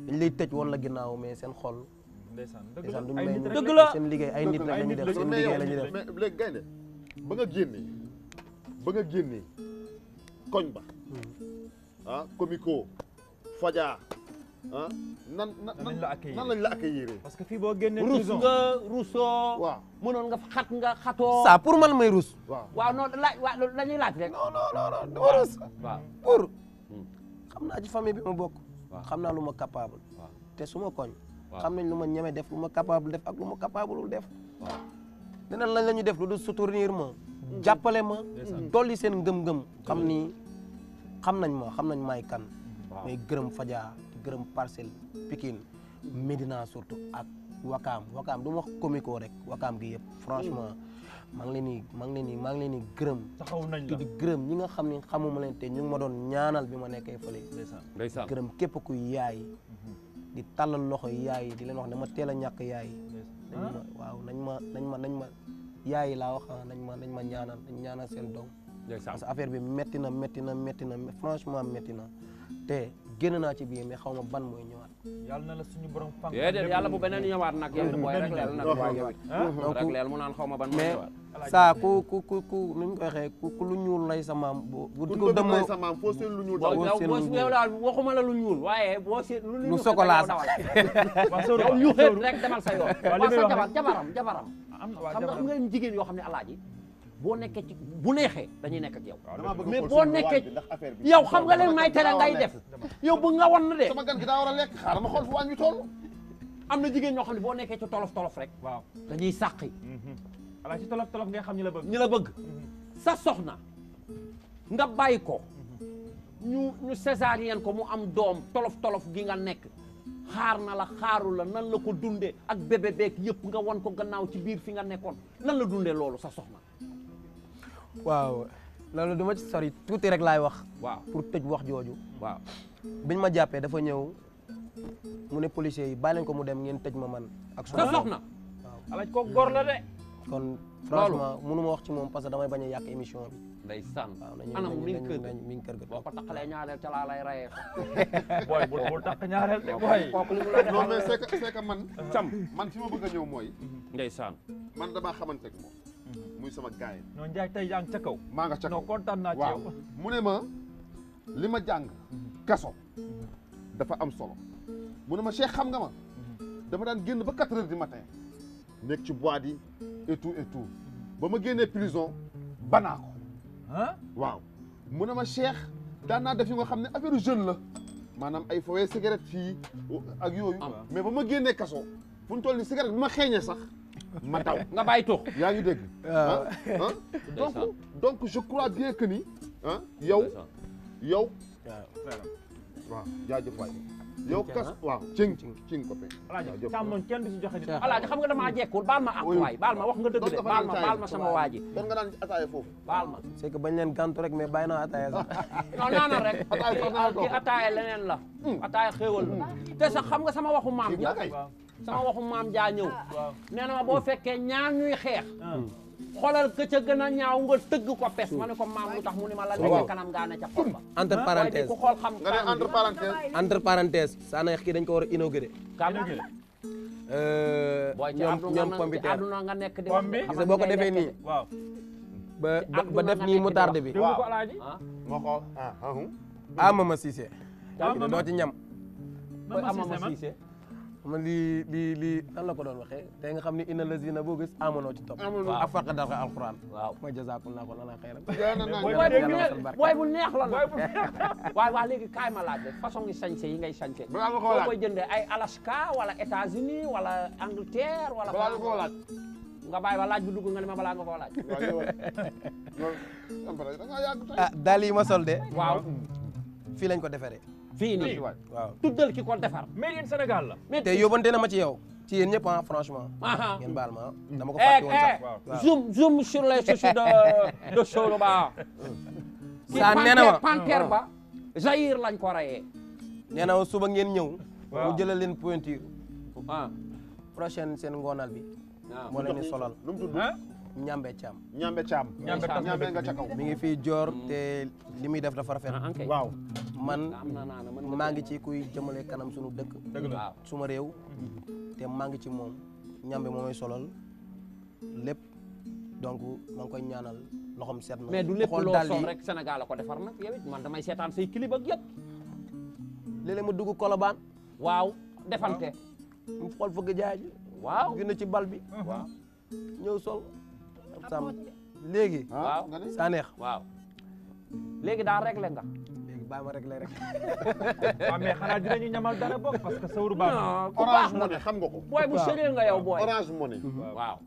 dañ lay tëj woon la ginnaaw mais seen xol ndeysaan dëgg la seen liggéey ay nit rek la ñuy def seen liggéey la ñuy def mais léegi gaynde ba nga génnee ba nga génnee koñ ba hmm. ah comico ah nan nan nan lañ la parce que fii boo génnee prison rus nga rusoo. waaw mënoon nga xat nga xatoo. pour man may rus. waaw waaw non laaj la ñuy rus. waaw pour. Hmm. xam naa ci famille bi ma bokk. waaw xam naa lu ma capable. te su koñ. xam nañ lu ma ñeme def lu ma capable def ak lu ma capable def. waaw dinañ lañ la ñu def lu dul soutenir ma. Hmm. jàppale ma. dolli seen ngëm-ngëm. xam hmm. ni xam nañ ma xam nañ maay kan. waaw may gërëm fajaa. gërëm parcelle Pikine Médina surtout ak Wakaam Wakaam du ma wax rek Wakaam gi yëpp franchement maa ngi leen di maa ngi leen maa ngi leen di gërëm. taxaw nañ la gërëm ñi nga xam ne xamuma leen te ñu ngi ma doon ñaanal bi ma nekkee fële. ndeysaan gërëm képp kuy yaay. di tàllal loxo yaay di leen wax na ma teel a ñàkk yaay. nañ ma waaw nañ ma nañ ma nañ ma yaay laa wax ah, nañ ma nañ ma ñaanal nañ ñaanal seen doom. parce affaire bi metti na metti na metti na franchement metti na te. génn naa ci biir mais xaw ma ban mooy ñëwaat. yàlla na la suñu borom fànn. déedéet yàlla bu beneen ñëwaat nag yàlla booy rek leel nag waa yow it. Ah? rek leel mu naan xaw ma ban mooy ñëwaat. saa ku ku ku ku nu ñu koy waxee ku lu ñuul lay sa maam bu ku dem lay sa maam foo seen lu ñuul daal waxuma la lu ñuul waaye boo seen lu ñuul sokolaa sax yow ñu xeet rek demal sa yoon waaw sa jabar jabaram jabaram xam nga am nga jigéen yoo xam ne alaaji boo nekkee ci bu neexee dañuy nekk ak yow. mais boo nekkee yow xam nga leen may tere ngay def yow bu nga wan na de. sama gan gi daa war a lekk xaaral ma xool fu am na jigéen ñoo xam ne boo nekkee ci tolof tolof rek. waaw dañuy sàqi. Mhm. ala tolof tolof ngay xam ñu la bëgg. ñu la bëgg mhm. sa soxna nga bàyyi ko. Mhm. ñu ñu ko mu am doom tolof tolof gi nga nekk xaar na la xaaru la nan la ko dundee ak bébé yëpp nga wan ko ganaaw ci biir fi nga nekkoon nan la dundee loolu sa soxna. waaw loolu du ma ci tuuti rek laay wax. waaw pour tëj wax jooju. waaw biñ ma jàppee dafa ñëw mu ne policiers yi bàyyi ko mu dem ngeen tëj ma man. ak soxna sa soxna. waaw alaaj ko góor la de. kon franchement mënu ma wax ci moom parce que damay bañ a yàq émission bi. ndeysaan anam mi ngi kër ga mi kër ga. boo ko taxalee ñaareel ca laa lay rayee. booy bul bul tax ñaareel de booy. kooku li man. cam man fi ma bëgg a ñëw mooy. ndeysaan man damaa xamante ak moom. muy sama gars yi. non Ndiaye tey yaa ca kaw. maa nga ca kaw non kontaan mu ne ma li ma jàng. kaso dafa am solo. mu ne ma Cheikh xam nga ma. dama daan génn ba quatre heures du matin. nekk ci boîte yi et tout et tout ba ma génnee prison banaa ko. ah waaw mu ne ma Cheikh daan naa def yu nga xam ne affaire jeune la maanaam ay fowee cigarette fii ak yooyu. mais ba ma génnee kaso fu ñu toll nii cigarette bi ma xeeñee sax. ma daw nga bàyyi toog yaa ngi dégg ah. Ah. Ah. donc donc je crois bien que ni ah yow yow waaw jaajëf waay yow kas waaw cing cing ko fekk alaaji càmmoñ kenn du a joxe nit alaaji xam nga damaa jekkul baal ma ak waay baal ma wax nga dëgg de baal ma sama waa ji kon nga naan ataaya foofu baal ma bañ leen gàntu rek mais bàyyi naa ataaya sax non naanal rek ataaya leneen la hmm. ataaya xéewal la hmm. te sax xam nga sama waxu maam ja sama waxu maam jaa ñëw nee na ma boo fekkee ñaar ñuy xeex ah. xoolal ka ca gën a ñaaw nga tëgg ko pes hmm. ma ne ko maam lu tax mu ni ma la nekk ah, kanam gaa na ca hmm. xol entre parenthèse xool xam nga ne entre parenthèse entre parenthèse saa neex kii dañ ko war a inauguré euh, booy ci ñoom pombiteer àdduna nga nekk di gis nga boo ko defee nii waaw ba ba def nii mu tardé bi waaw ah. moo ko ah ah Amama Cissé ci ñam man lii lii lii nan la ko doon waxee tey nga xam ne inna lazina boo gis amonoo ci topp a faqa dara alquran waaw ma jazakum naa ko lana xayran booy bu neex la nag waay waa léegi kaay ma laaj rek façon i sañse yi ngay sañse boo koy jëndee ay Alaska wala États-Unis wala Angleterre wala balaa nga koo laaj nga bàyyi ba laaj bu dugg nga ne ma balaa nga koo laaj ah daal yi ma sol de waaw lañ ko defaree fii nii waaw tuddal ki ko defar. mais yéen mais tey yóbbante na ma ci yow. ci yéen ñëpp ah franchement. ngeen baal ma ah. dama ko eh, fàtte woon eh. sax. waaw zoom zoom sur les chaussures de de Soroba. saa nee ba. Jair lañ ko rayee. nee na suba ngeen ñëw. waaw mu jëlal leen pointure. ah prochaine seen ngoonal bi. waaw ah. moo leen di solal Ñambe caam Ñambe Thiam. Ñambe Thiam mi ngi fii joor te li muy def dafa rafet. Ah, waaw man maa ngi ci kuy jëmale kanam sunu dëkk. dëgg la suma réew. te maa ngi ci moom Ñambe moomay solal lépp donc maa ngi koy ñaanal loxom set na. mais du lépp loo sol rek Sénégal ko defar nag yow it man damay seetaan say clip ak yëpp. léeg ma dugg Colobane. waaw defante. mu xool fëgg jaay waaw gën ci bal bi. waaw ñëw sol. sàmm léegi. waaw saa neex waaw. léegi daal réglé nga. léegi baa ma réglé rek. waaw mais xanaa dinañu ñamal dara bokk parce que sawru baax na. orange money xam nga ko. booy bu sérieux nga booy. orange money. waaw.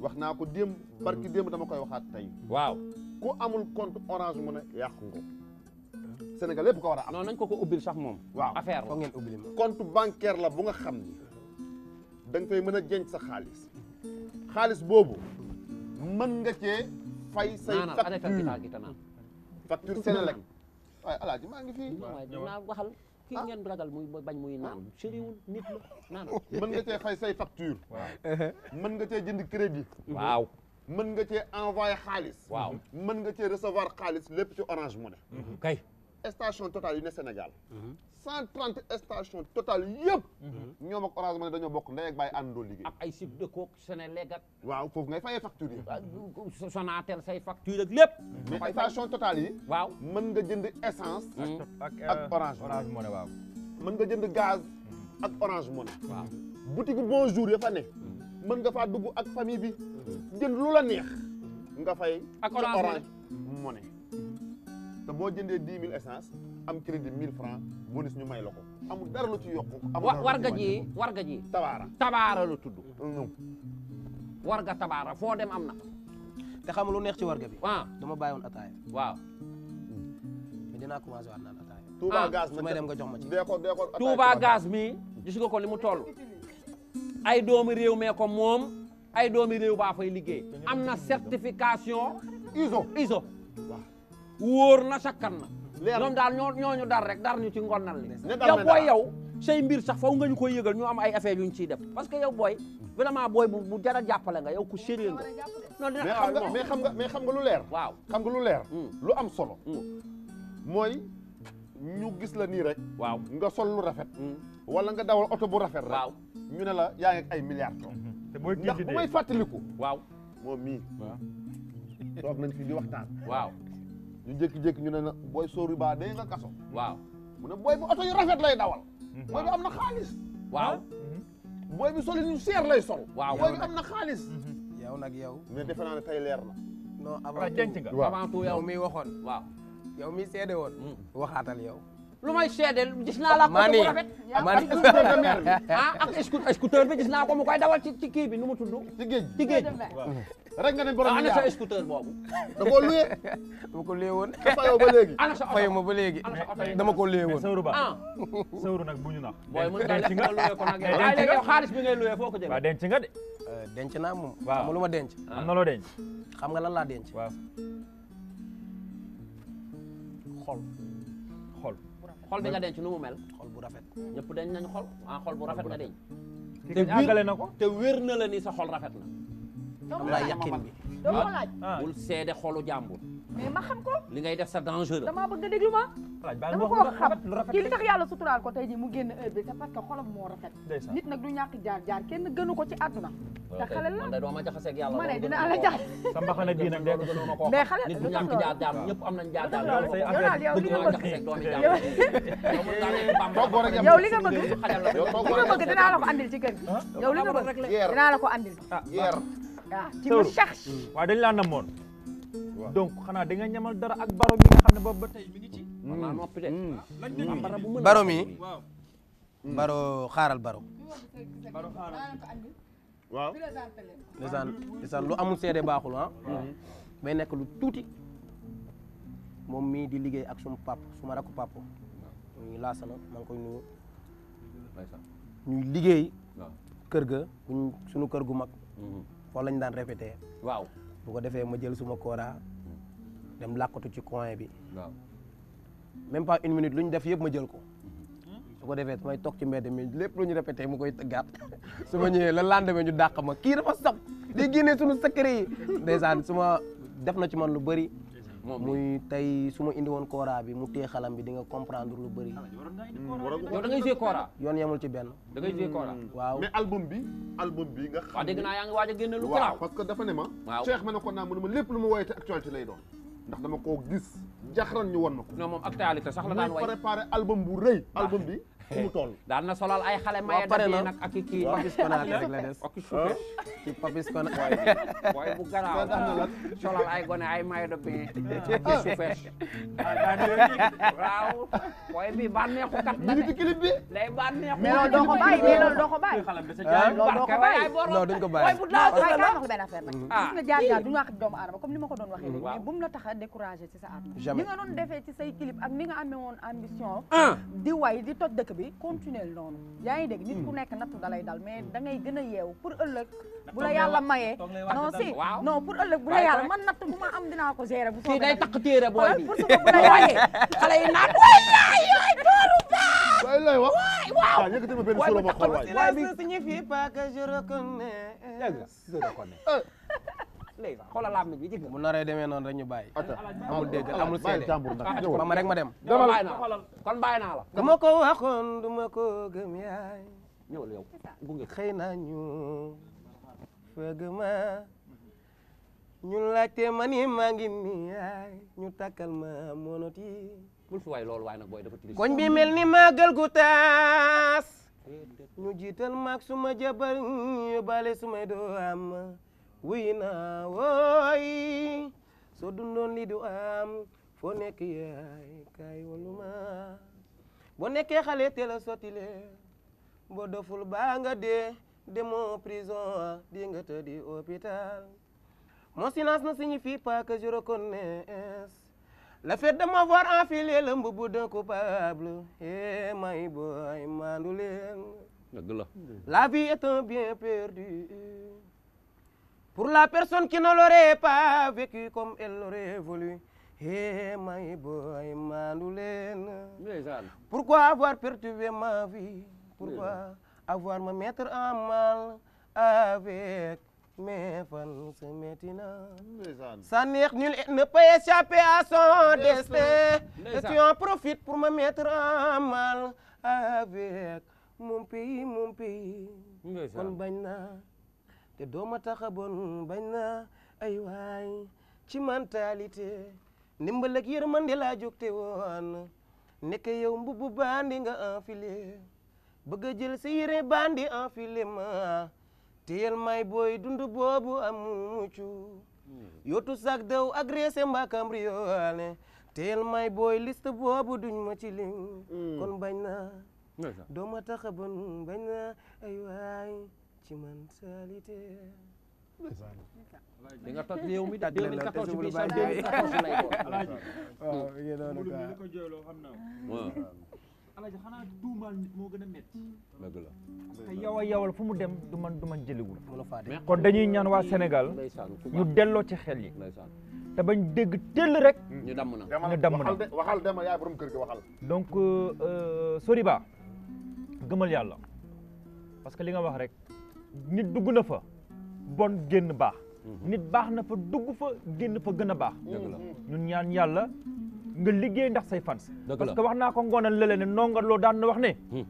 wax naa ko démb barki démb dama koy waxaat tey. waaw ko amul compte orange money yàqu nga. Sénégal lépp ko war a am. nañ ko ko ubbil sax moom. waaw affaire la ko ngeen ubbil ma. compte bancaire la bu nga xam ni da nga fay mën a jënd sa xaalis. xaalis boobu. mën nga cee fay say facture facture Senelec waaye alaaji maa ngi fii naa waxal kii ah. ngeen ragal muy bañ muy naan sériwul nit la naan mën nga cee fay say facture mën nga cee jënd crédit mhm. waaw mën nga cee envoyé xaalis waaw mën nga cee recevoir xaalis lépp ci Orange Money mhm. kay station Total yu ne Sénégal mhm. cent trente stations totales yëpp. Mhm. ñoom ak Orange Money dañoo bokk ndey ak bàyyi àndoo liggéey. ak ay sib de cook Senelec ak. waaw foofu ngay fayee facture yi. Sonatel say facture ak lépp. Mhm. mais station totale yi. man nga jënd essence. Mhm. ak euh, Orange Money waaw. mën nga jënd gaz ak Orange Money. waaw bonjour ya fa ne. mën nga faa dugg ak famille bi. jënd lu neex. nga fay. ak Orange Money. te boo jëndee dix mille essence am crédit mille francs may la amul dara lu ci yokku. amul warga ji warga ji. tabaara tabaara la tudd. warga tabaara foo dem am na. te xam lu neex ci warga bi. waaw ah. dama bàyyi woon ataaya. waaw. Hmm. mais dinaa commencé waat naan ataaya. Ah. dem nga jox ma ci. dee ko dee ko Touba gaz mi. gis nga ko li mu toll. ay doomi réew mee ko moom. ay doomi réew baa fay liggéey am na certification ISO ISO wóor na sakkan na ñoom daal ñoo ñooñu dar rek dar ñu ci ngoon ngonnal li yow booy yow say mbir sax faw nga ñu koy yëgal ñu am ay affaire yuñ ciy def parce que yow booy vraiment booy bu jara jàppale nga yow ku sérieux nga xam nga mais xam nga mais xam nga xam nga lu leer hmm. lu am solo hmm. mooy ñu gis la nii rek waaw nga sol lu rafet hmm. wala nga dawal oto bu rafet rek ñu ne la yaa ngi ay milliards toog ndax bu may fàttaliku waaw moom mii toog nañ fi di waxtaan waaw ñu jékki-jékki ñu ne na booy sóoru baa day na kaso waaw mu ne booy bi oto yu rafet lay dawal hmm. booy bi am na xaalis waaw ah. booy bi solin ñu seer lay sol waaw booy bi am na xaalis hmm. yow nag yow mais defe naa ne tey leer na non avant tout yow mi waxoon waaw yow mi seede woon hmm. waxaatal yow lu may seedeel gis naa la. maa nii maa nii ak scooter bi gis naa ko mu koy dawal ci kii bi nu mu tudd. ci géej ci géej rek nga ne borom ah, ana sa scooter boobu. da koo luyee. dama ko luyee woon. fayoo ba léegi. ana sa oto ko luyee woon. sëwru ba ah. sëwru nag bu ñu nax. booy mën nga denc nga ko nag waaye xaalis bi ngay luyee foo ko jëlee. nga de. Euh, denc naa moom. waaw xam lu ma denc. am na xam nga lan laa denc. waaw xol. xol bi nga denc nu mu mel. xol bu rafet. ñëpp denc nañ xol ah xol bu rafet nga denc. te àggale na ko te wér na la ni sa xol rafet na. doomu laaj yaqin bi doomu laaj. Ah. Ah. bul seede xolu jàmbur. mais ma xam ko. li ngay def sa dangereux. damaa bëgg a déglu ma. dama koo xam kii li tax yàlla suturaal ko tey jii mu génn heure bi c'est parce que xolam moo rafet. nit nag du ñàkk jaar jaar kenn gënu ko ci àdduna. te xale la man de doo ma jaxase ak yàlla. ma ne dina sa mbaxana bii nag de mais xale nit du ñàkk jaar jaar ñëpp am nañ jaar jaar. yow li nga bëgg yow li nga bëgg. yow li nga bëgg dinaa la ko andil ci kër gi. yow li nga bëgg dinaa la ko andil. Ah, yeer ah ci ma cherche mm. waaw dañ laa namoon donc xanaa da nga ñamal dara ak baro mi nga xam ne boobu ba tey mi ngi ci ma mm. mm. ah, baro mi baro xaaral baro lu amul seede baaxul ah nekk lu tuuti moom mii di liggéey ak suma pap suma rakku pap ñuy laasana maa ngi koy nuyu ñuy liggéey kër ga suñu kër gu mag mm-hmm. foofu lañ daan répété. waaw bu ko defee ma jël suma kooraa dem làkkatu ci coin bi. waaw même pas une minute lu ñu def yëpp ma jël ko. su ko defee damay toog ci mbedd mi lépp lu ñu répété mu koy tëggaat su ma ñëwee la lendemain ñu dàq ma kii dafa sax de génnee suñu secret de ndeysaan su ma def na ci man lu bari muy tey suma indi woon kooraa bi mu téye xalam bi di nga comprendre lu bëri. yow da ngay hmm. jouer kooraa. yoon yemul ci benn. da ngay jouer kooraa. Hmm. waaw mais album bi. album bi nga xam naa yaa ngi waaj a génne lu. waaw dafa ne ma. waaw Cheikh ma ne ko naa mu ne ma lépp lu ma woyate actualité lay doon. ndax dama koo gis jaxran ñu won ma ko. non moom actualité sax la daan way muy préparé album bu rëy. album bi. ku mu toll daan na solal ay xale maye dab yi nag ak kii papis konaate rek la des ak suufee ci papis konaate waaye bu garaaw solal ay gone ay maye dab yi ak suufee waaw waaye bi bànneexu kat la de clip bi day bànneexu mais loolu doo ko bàyyi mais loolu doo ko bàyyi ah, loolu doo ko bàyyi loolu duñ ko bàyyi waaye bu laa waaye kaa wax benn affaire nag mm-hmm. gis nga jaar jaar duñu wax doomu aadama comme ni ma ko doon waxee léegi mais bu mu la tax a découragé ci sa àdduna ni nga doon defee ci say clip ak ni nga amee woon ambition di way di toj dëkk bi continuer noonu yaa ngi dégg nit ku nekk nattu dalay dal mais hmm. da ngay gën a yeewu pour ëllëg bu la yàlla mayee non si non pour ëllëg bu la yàlla man natt bu ma am dinaa ko gérer bu soobee day takk téere booy bi pour bu la yàggee xale yi naan waay waay dooru baa waay lay wax waay waaw waaw yëkkati ma benn solo ma xool ndeysaan xoolal laam bi bu naree demee noonu rek ñu bàyyi amul dégg amul seede ba ma rek ma dem dama bàyyi naa la kon ko waxoon ko gëm yaay ñëwal yow xëy na ñu fëgg ma ñu laajte ma ni maa ngi yaay ñu takkal ma monot yi loolu waay nag booy dafa tilis koñ bi ni màggal gu taas ñu jiital maag suma jabar ñu bale sumay doo am wuy naa wooy soo dundoon li du am foo nekk yaay kaay walu boo nekkee xale teel sotti leer boo doful baa nga dee demoo prison di nga tëddi hôpital mon silence ne signifie pas que je reconnaisse le fait de m'avoir enfilé le mbubu d'un coupable eh my boy mandu leen dëgg la la vie est bien perdu Pour la personne qui ne l'aurait pas comme elle l'aurait voulu. Eh boy Mandoulène. Pourquoi avoir perturbé ma vie? Pourquoi avoir me mettre en mal avec mes fans maintenant? Ça n'est nul ne peut échapper à son destin. Et tu en profites pour me mettre en mal avec mon pays, mon pays. Kon te dooma tax a bon bañ naa ay waay ci mentalité ndimbal ak yërmande laa jóg te woon nekk yow mbubu bandi nga enfilé bëgg a jël sa yére bandi enfilé ma téyel may booy dund boobu am mucc hmm. yootu sac daw agressé mbaa cambriolé téyel may booy liste boobu duñ ma ci hmm. kon bañ naa dooma tax a bañ naa ay ci man salité. di nga toj réew mi de 2014 bi sa 2014 a moo gën a métti. dëgg la parce yow a fu mu dem du man du man jëliwul. kon dañuy ñaan waa Sénégal ñu delloo ci xel yi. te bañ dégg tëll rek. ñu damm na ñu damm na waxal demal kër gi waxal. donc euh, euh, Soriba gëmal yàlla parce que li nga wax rek. nit dugg na fa bon génn baax mhm. nit baax na fa dugg fa génn fa gën a baax ñun ñaan yàlla nga liggéey ndax say fans parce que wax naa ko ngoonal lële leen nonga loo daan na wax ne hmm.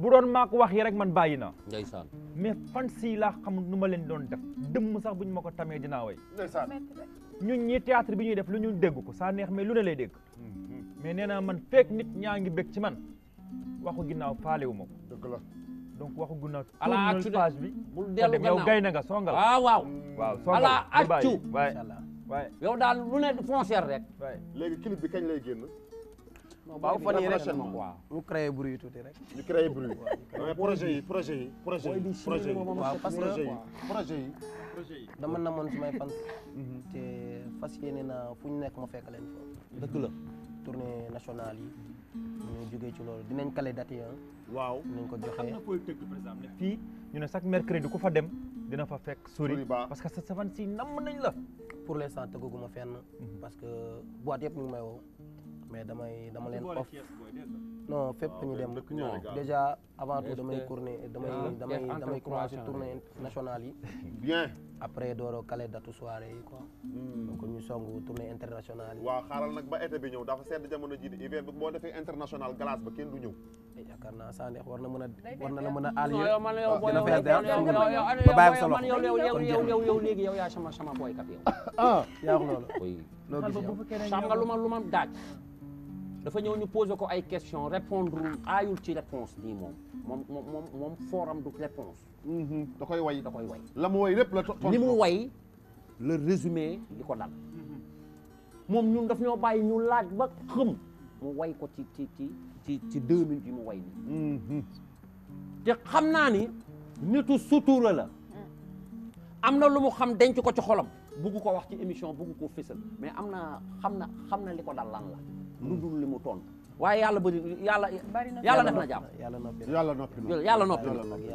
bu doon maa ko wax yi rek man bàyyi naa ndeysaan mais fans yi laa xamul nu ma leen doon def dëmm sax bu ñu ma ko tamee dinaa way ñun ñi théâtre bi ñuy def lu ñu dégg ko sa neex mais lu ne lay dégg hmm. mais nee naa man fekk nit ñaa ngi bég ci man waxu ginnaaw faalewu ma ko donc waxu gunnaaw. ala accu de page bi. bul dellu gannaaw nga songal. waaw ah, waaw. waaw songal ala accu. waay yow daal lu ne foncière rek. waay léegi clip bi kañ lay génn. waaw fan yii rek waaw ñu créé bruit tuuti rek. ñu créé bruit projet projet yi. projet parce que projet yi projet yi. dama namoon su may fan. Mhm. te fas yéene na fu ñu nekk ma fekk leen fa. dëgg tournée nationale yi. ñu jógee ci loolu dinañ kale date yi ah. waaw dinañ ko joxe xam fii ñu ne chaque mercredi ku fa dem dina fa fekk sori parce que sa savan si namm nañ la pour l'instant tëgguma fenn mhm. parce que boîte yëpp ñu ngi may woo mais damay dama leen off non fépp ñu dem déjà avant tout damay tourner damay ah, damay damay commencé tournée nationale yi bien après dooro kale datu soirée yi quoi hmm. donc ñu song tournée internationale yi waaw xaaral nag ba été bi ñëw dafa sedd jamono ji di hiver bi boo defee international glace ba kenn du ñëw eh, yaakaar naa Sanekh war na mën a war na mën a eh? àll yow man yow booy yow yow yow léegi yow yaa sama sama booykat yow ah yaa ko loolu xam nga lu ma lu ma daaj dafa ñëw ñu posé ko ay question répondre aayul ci réponse nii moom moom moom moom forum du réponse mm-hmm. da koy way da koy way la mu way lépp la li mu way le résumé li ko dal mm-hmm. moom ñun daf ñoo bàyyi ñu laaj ba xëm mu way ko ci ci ci ci ci deux minutes yi mu way nii mm-hmm. te xam naa ni nitu sutura la mm. am na lu mu xam denc ko ci xolam bugg ko wax ci émission bugg ko fësal mais am na xam na xam na li ko dal lan la lu dul li mu tontu waaye yàlla bëri yàlla yàlla def na jàmm yàlla noppi yàlla noppi yàlla noppi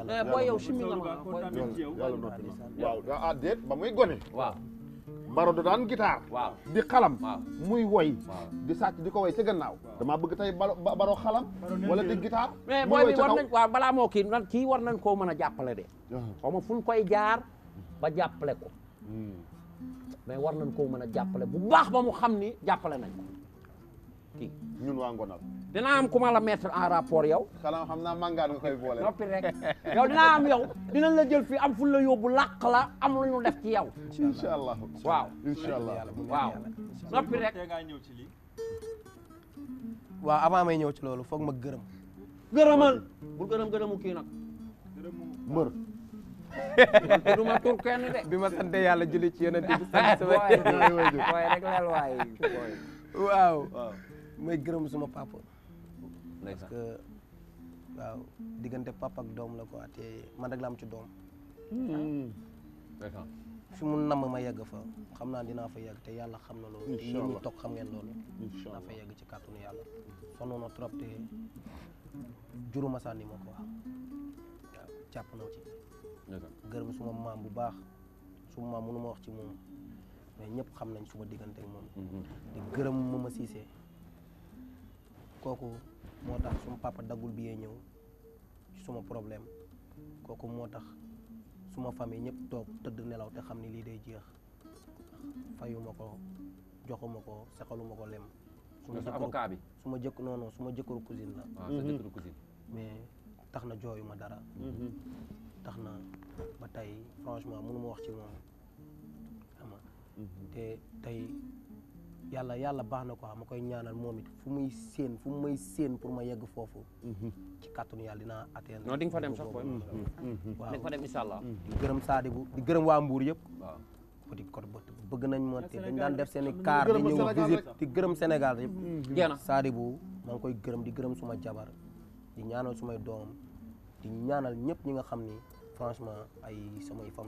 eh, booy yow simmi nga ma yàlla noppi waaw ah déet ba muy gone waaw baro da daan waaw di xalam muy woy di sàcc di ko woy ca gannaaw damaa bëgg tey baro xalam wala di guitare mais booy bi war nañ moo kii nan kii war nañ koo mën a jàppale de ah. xaw ma fu koy jaar ba jàppale ko hmm. mais war nañ koo mën a jàppale bu baax ba mu xam ni jàppale nañ ko kii ñun waa Ngonal dinaa am ku ma la mettre en rapport yow xanaa xam naa màngaan nga koy boole noppi rek yow dinaa am yow dinañ la jël fii am fu la yóbbu làq la am lu ñu def ci yow incha allah waaw incha waaw noppi ci lii waaw avant may ñëw ci loolu foog ma gërëm gërëmal bul gërëm gërëmu kii nag mbër du ma tur de bi ma sante yàlla julli ci yonent bi sant sama waay waaw may gërëm suma papa. parce que waaw diggante papa ak doom la ko te man rek la am ci doom. Hmm. d'accord fi mu namm ma yegg fa xam naa dinaa fa yegg te yàlla xam na loolu. incha allah te toog xam ngeen loolu. incha allah dinaa fa yegg ci kàttanu yàlla. sonn na trop te juruma sànni ma ko waaw jàpp na ci. gërëm suma maam bu baax suma maam mënu ma wax ci moom mais ñëpp xam nañ suma diggante ak moom. Hmm, hmm. gërëm ma ma siisee. kooku moo tax suma papa daggul bi ñëw suma problème kooku moo tax suma famille ñëpp toog tëdd nelaw te xam ni lii day jeex fayuma ko joxuma ko sexaluma ko lem. suma jëkkëru avocat bi suma jëkk non non suma jëkkëru cousine la. waaw ah, sa mais tax na jooyuma dara. Mhm. tax na ba tey franchement mënuma wax ci moom mhm. te tey. yàlla yàlla baax na ko ma koy ñaanal moom it fu muy séen fu mu muy séen pour ma yegg foofu. Mhm. ci kàttanu yàlla dinaa atteindre. non di nga dem sax booy. Mhm. Mhm. waaw di nga fa dem incha allah. di gërëm Sadibou di gërëm waa Mbour bëgg nañ ma dañ daan def seen i kaar di ñëw visite di gërëm Sénégal yëpp. jeex na Sadibou maa ngi koy gërëm di gërëm suma jabar di ñaanal sumay doom di ñaanal ñëpp ñi nga xam ni franchement ay samay fam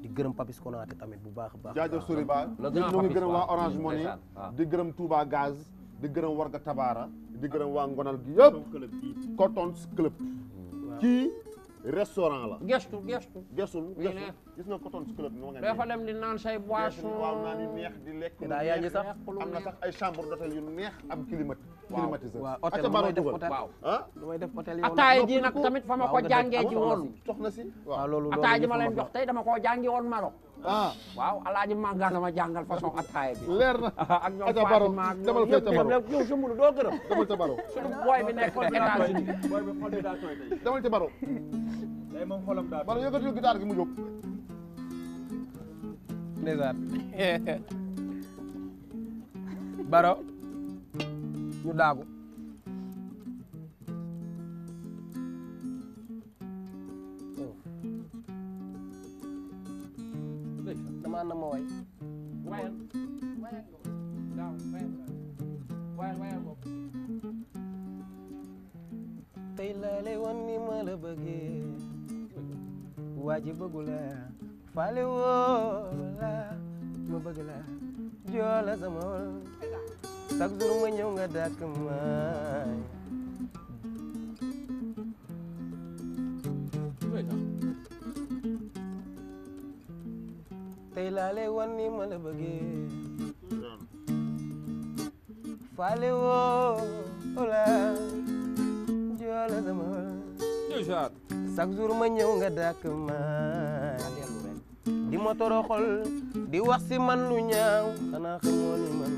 di gërëm Papis Konaté tamit bu baax a baax. jaajëf Soriba ñu ngi gërëm waa Orange Money di gërëm Touba Gaz di gërëm Warga Tabara di gërëm waa Ngonal gi yëpp. Cotons Club. kii restaurant la. gestu gestu. gestu gestu gis nga Cotons Club moo nga dafa dem di naan say neex di lekk. daa yaa ngi sax am na sax ay chambre d'hôtel yu neex am climat. waaw hôtel mooy def hôtel ah? def hôtel yow ataaya ji nag tamit fa ma ko jàngee a woon soxna loolu loolu ataaya ji ma leen jox tey dama koo jàngi woon Maroc ah waaw alaaji màngaan dama jàngal façon ataaya bi leer na ak ñoom Fatima ak ñoom ñëpp ñëw sumbulu doo gërëm demal ca baro suñu booy bi nekk États-Unis booy gi mu jóg baro ñu daagu damaa na ma way tey laa lay wan la bëggee waa bëggu la faale woo la ma bëgg la joo la sama chaque jour ma ñëw nga dàkk maay tey laa lay wan ni faale woo ola joola sama xol ma ñëw nga dàkk maay di ma di wax man lu ñaaw xanaa xamoo ni man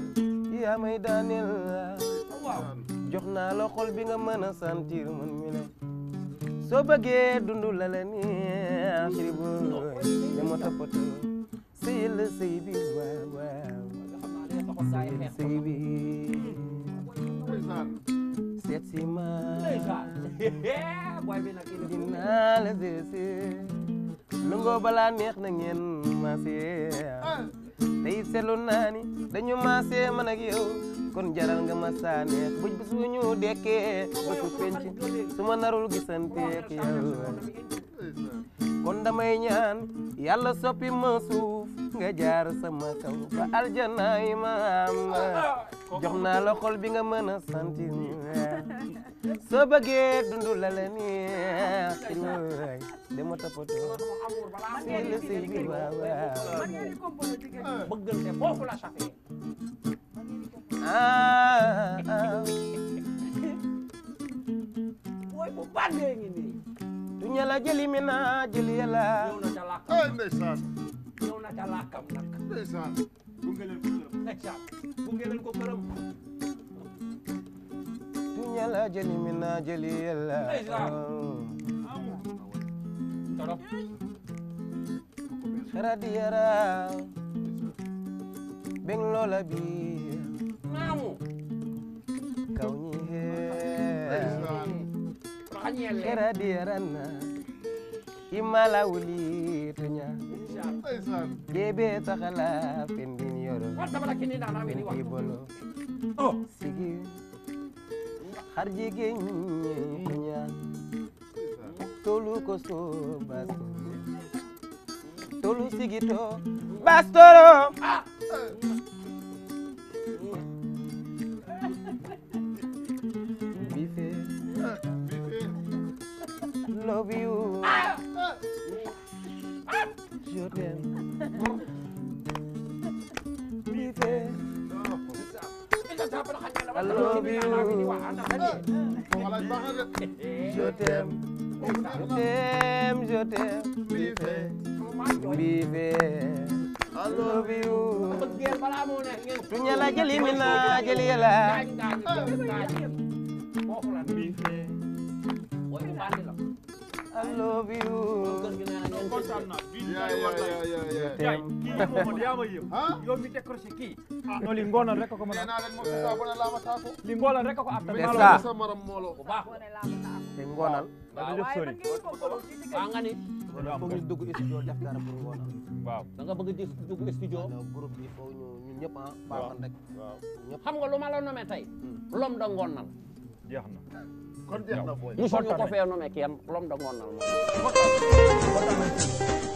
yaa may daaneel jox naa la xol bi nga mën a sentir man mi ne soo bëggee dund la la neex ribo dama toppatoo la sëy bi waaw waaw seet si ma dinaa la dese lu ngoo neex na ngeen ma see ah. tey seetlu naa ni dañu maasee man ak kon jaral nga ma saaneex buj bu suñu dekkee ba su su ma narul gisanteek yow kon damay ñaan yàlla soppi ma suuf nga jaar sama kaw ba aljana yi ma am naa la xol bi nga mën a santi soo bëggee dundu la la neex way dama toppatoo sel sel gi waaw waaw foofu la safee ah ah woy bu bandee ngi nii du ñala mi na jëli yàlla ñëw na eh, ko kërëm ndeysaan bu ngeleen ko yalla jëli mi naa jëli yalla xaradi yara beng loola bi maamu kaw ñi hee xaradi yara na imala wuli tuña gebe taxala fen bin yoro ni bolo xar jigéen ñi ñaan tolu koso basto tolu sigito bastoro momoɗo yamayima yomi décroché ki li gonon rek ko monaɗaɓona lamatako li golon rek ko artamaram molo ko ba e gonal a gani fof ñu dugg studio def dara pour gonal waaw da nga bëgg dugg studio groupe bi fof ñu a lu ma la nommé tey l'homme de gonal ko fee nommé kenn l'homme de gonal moom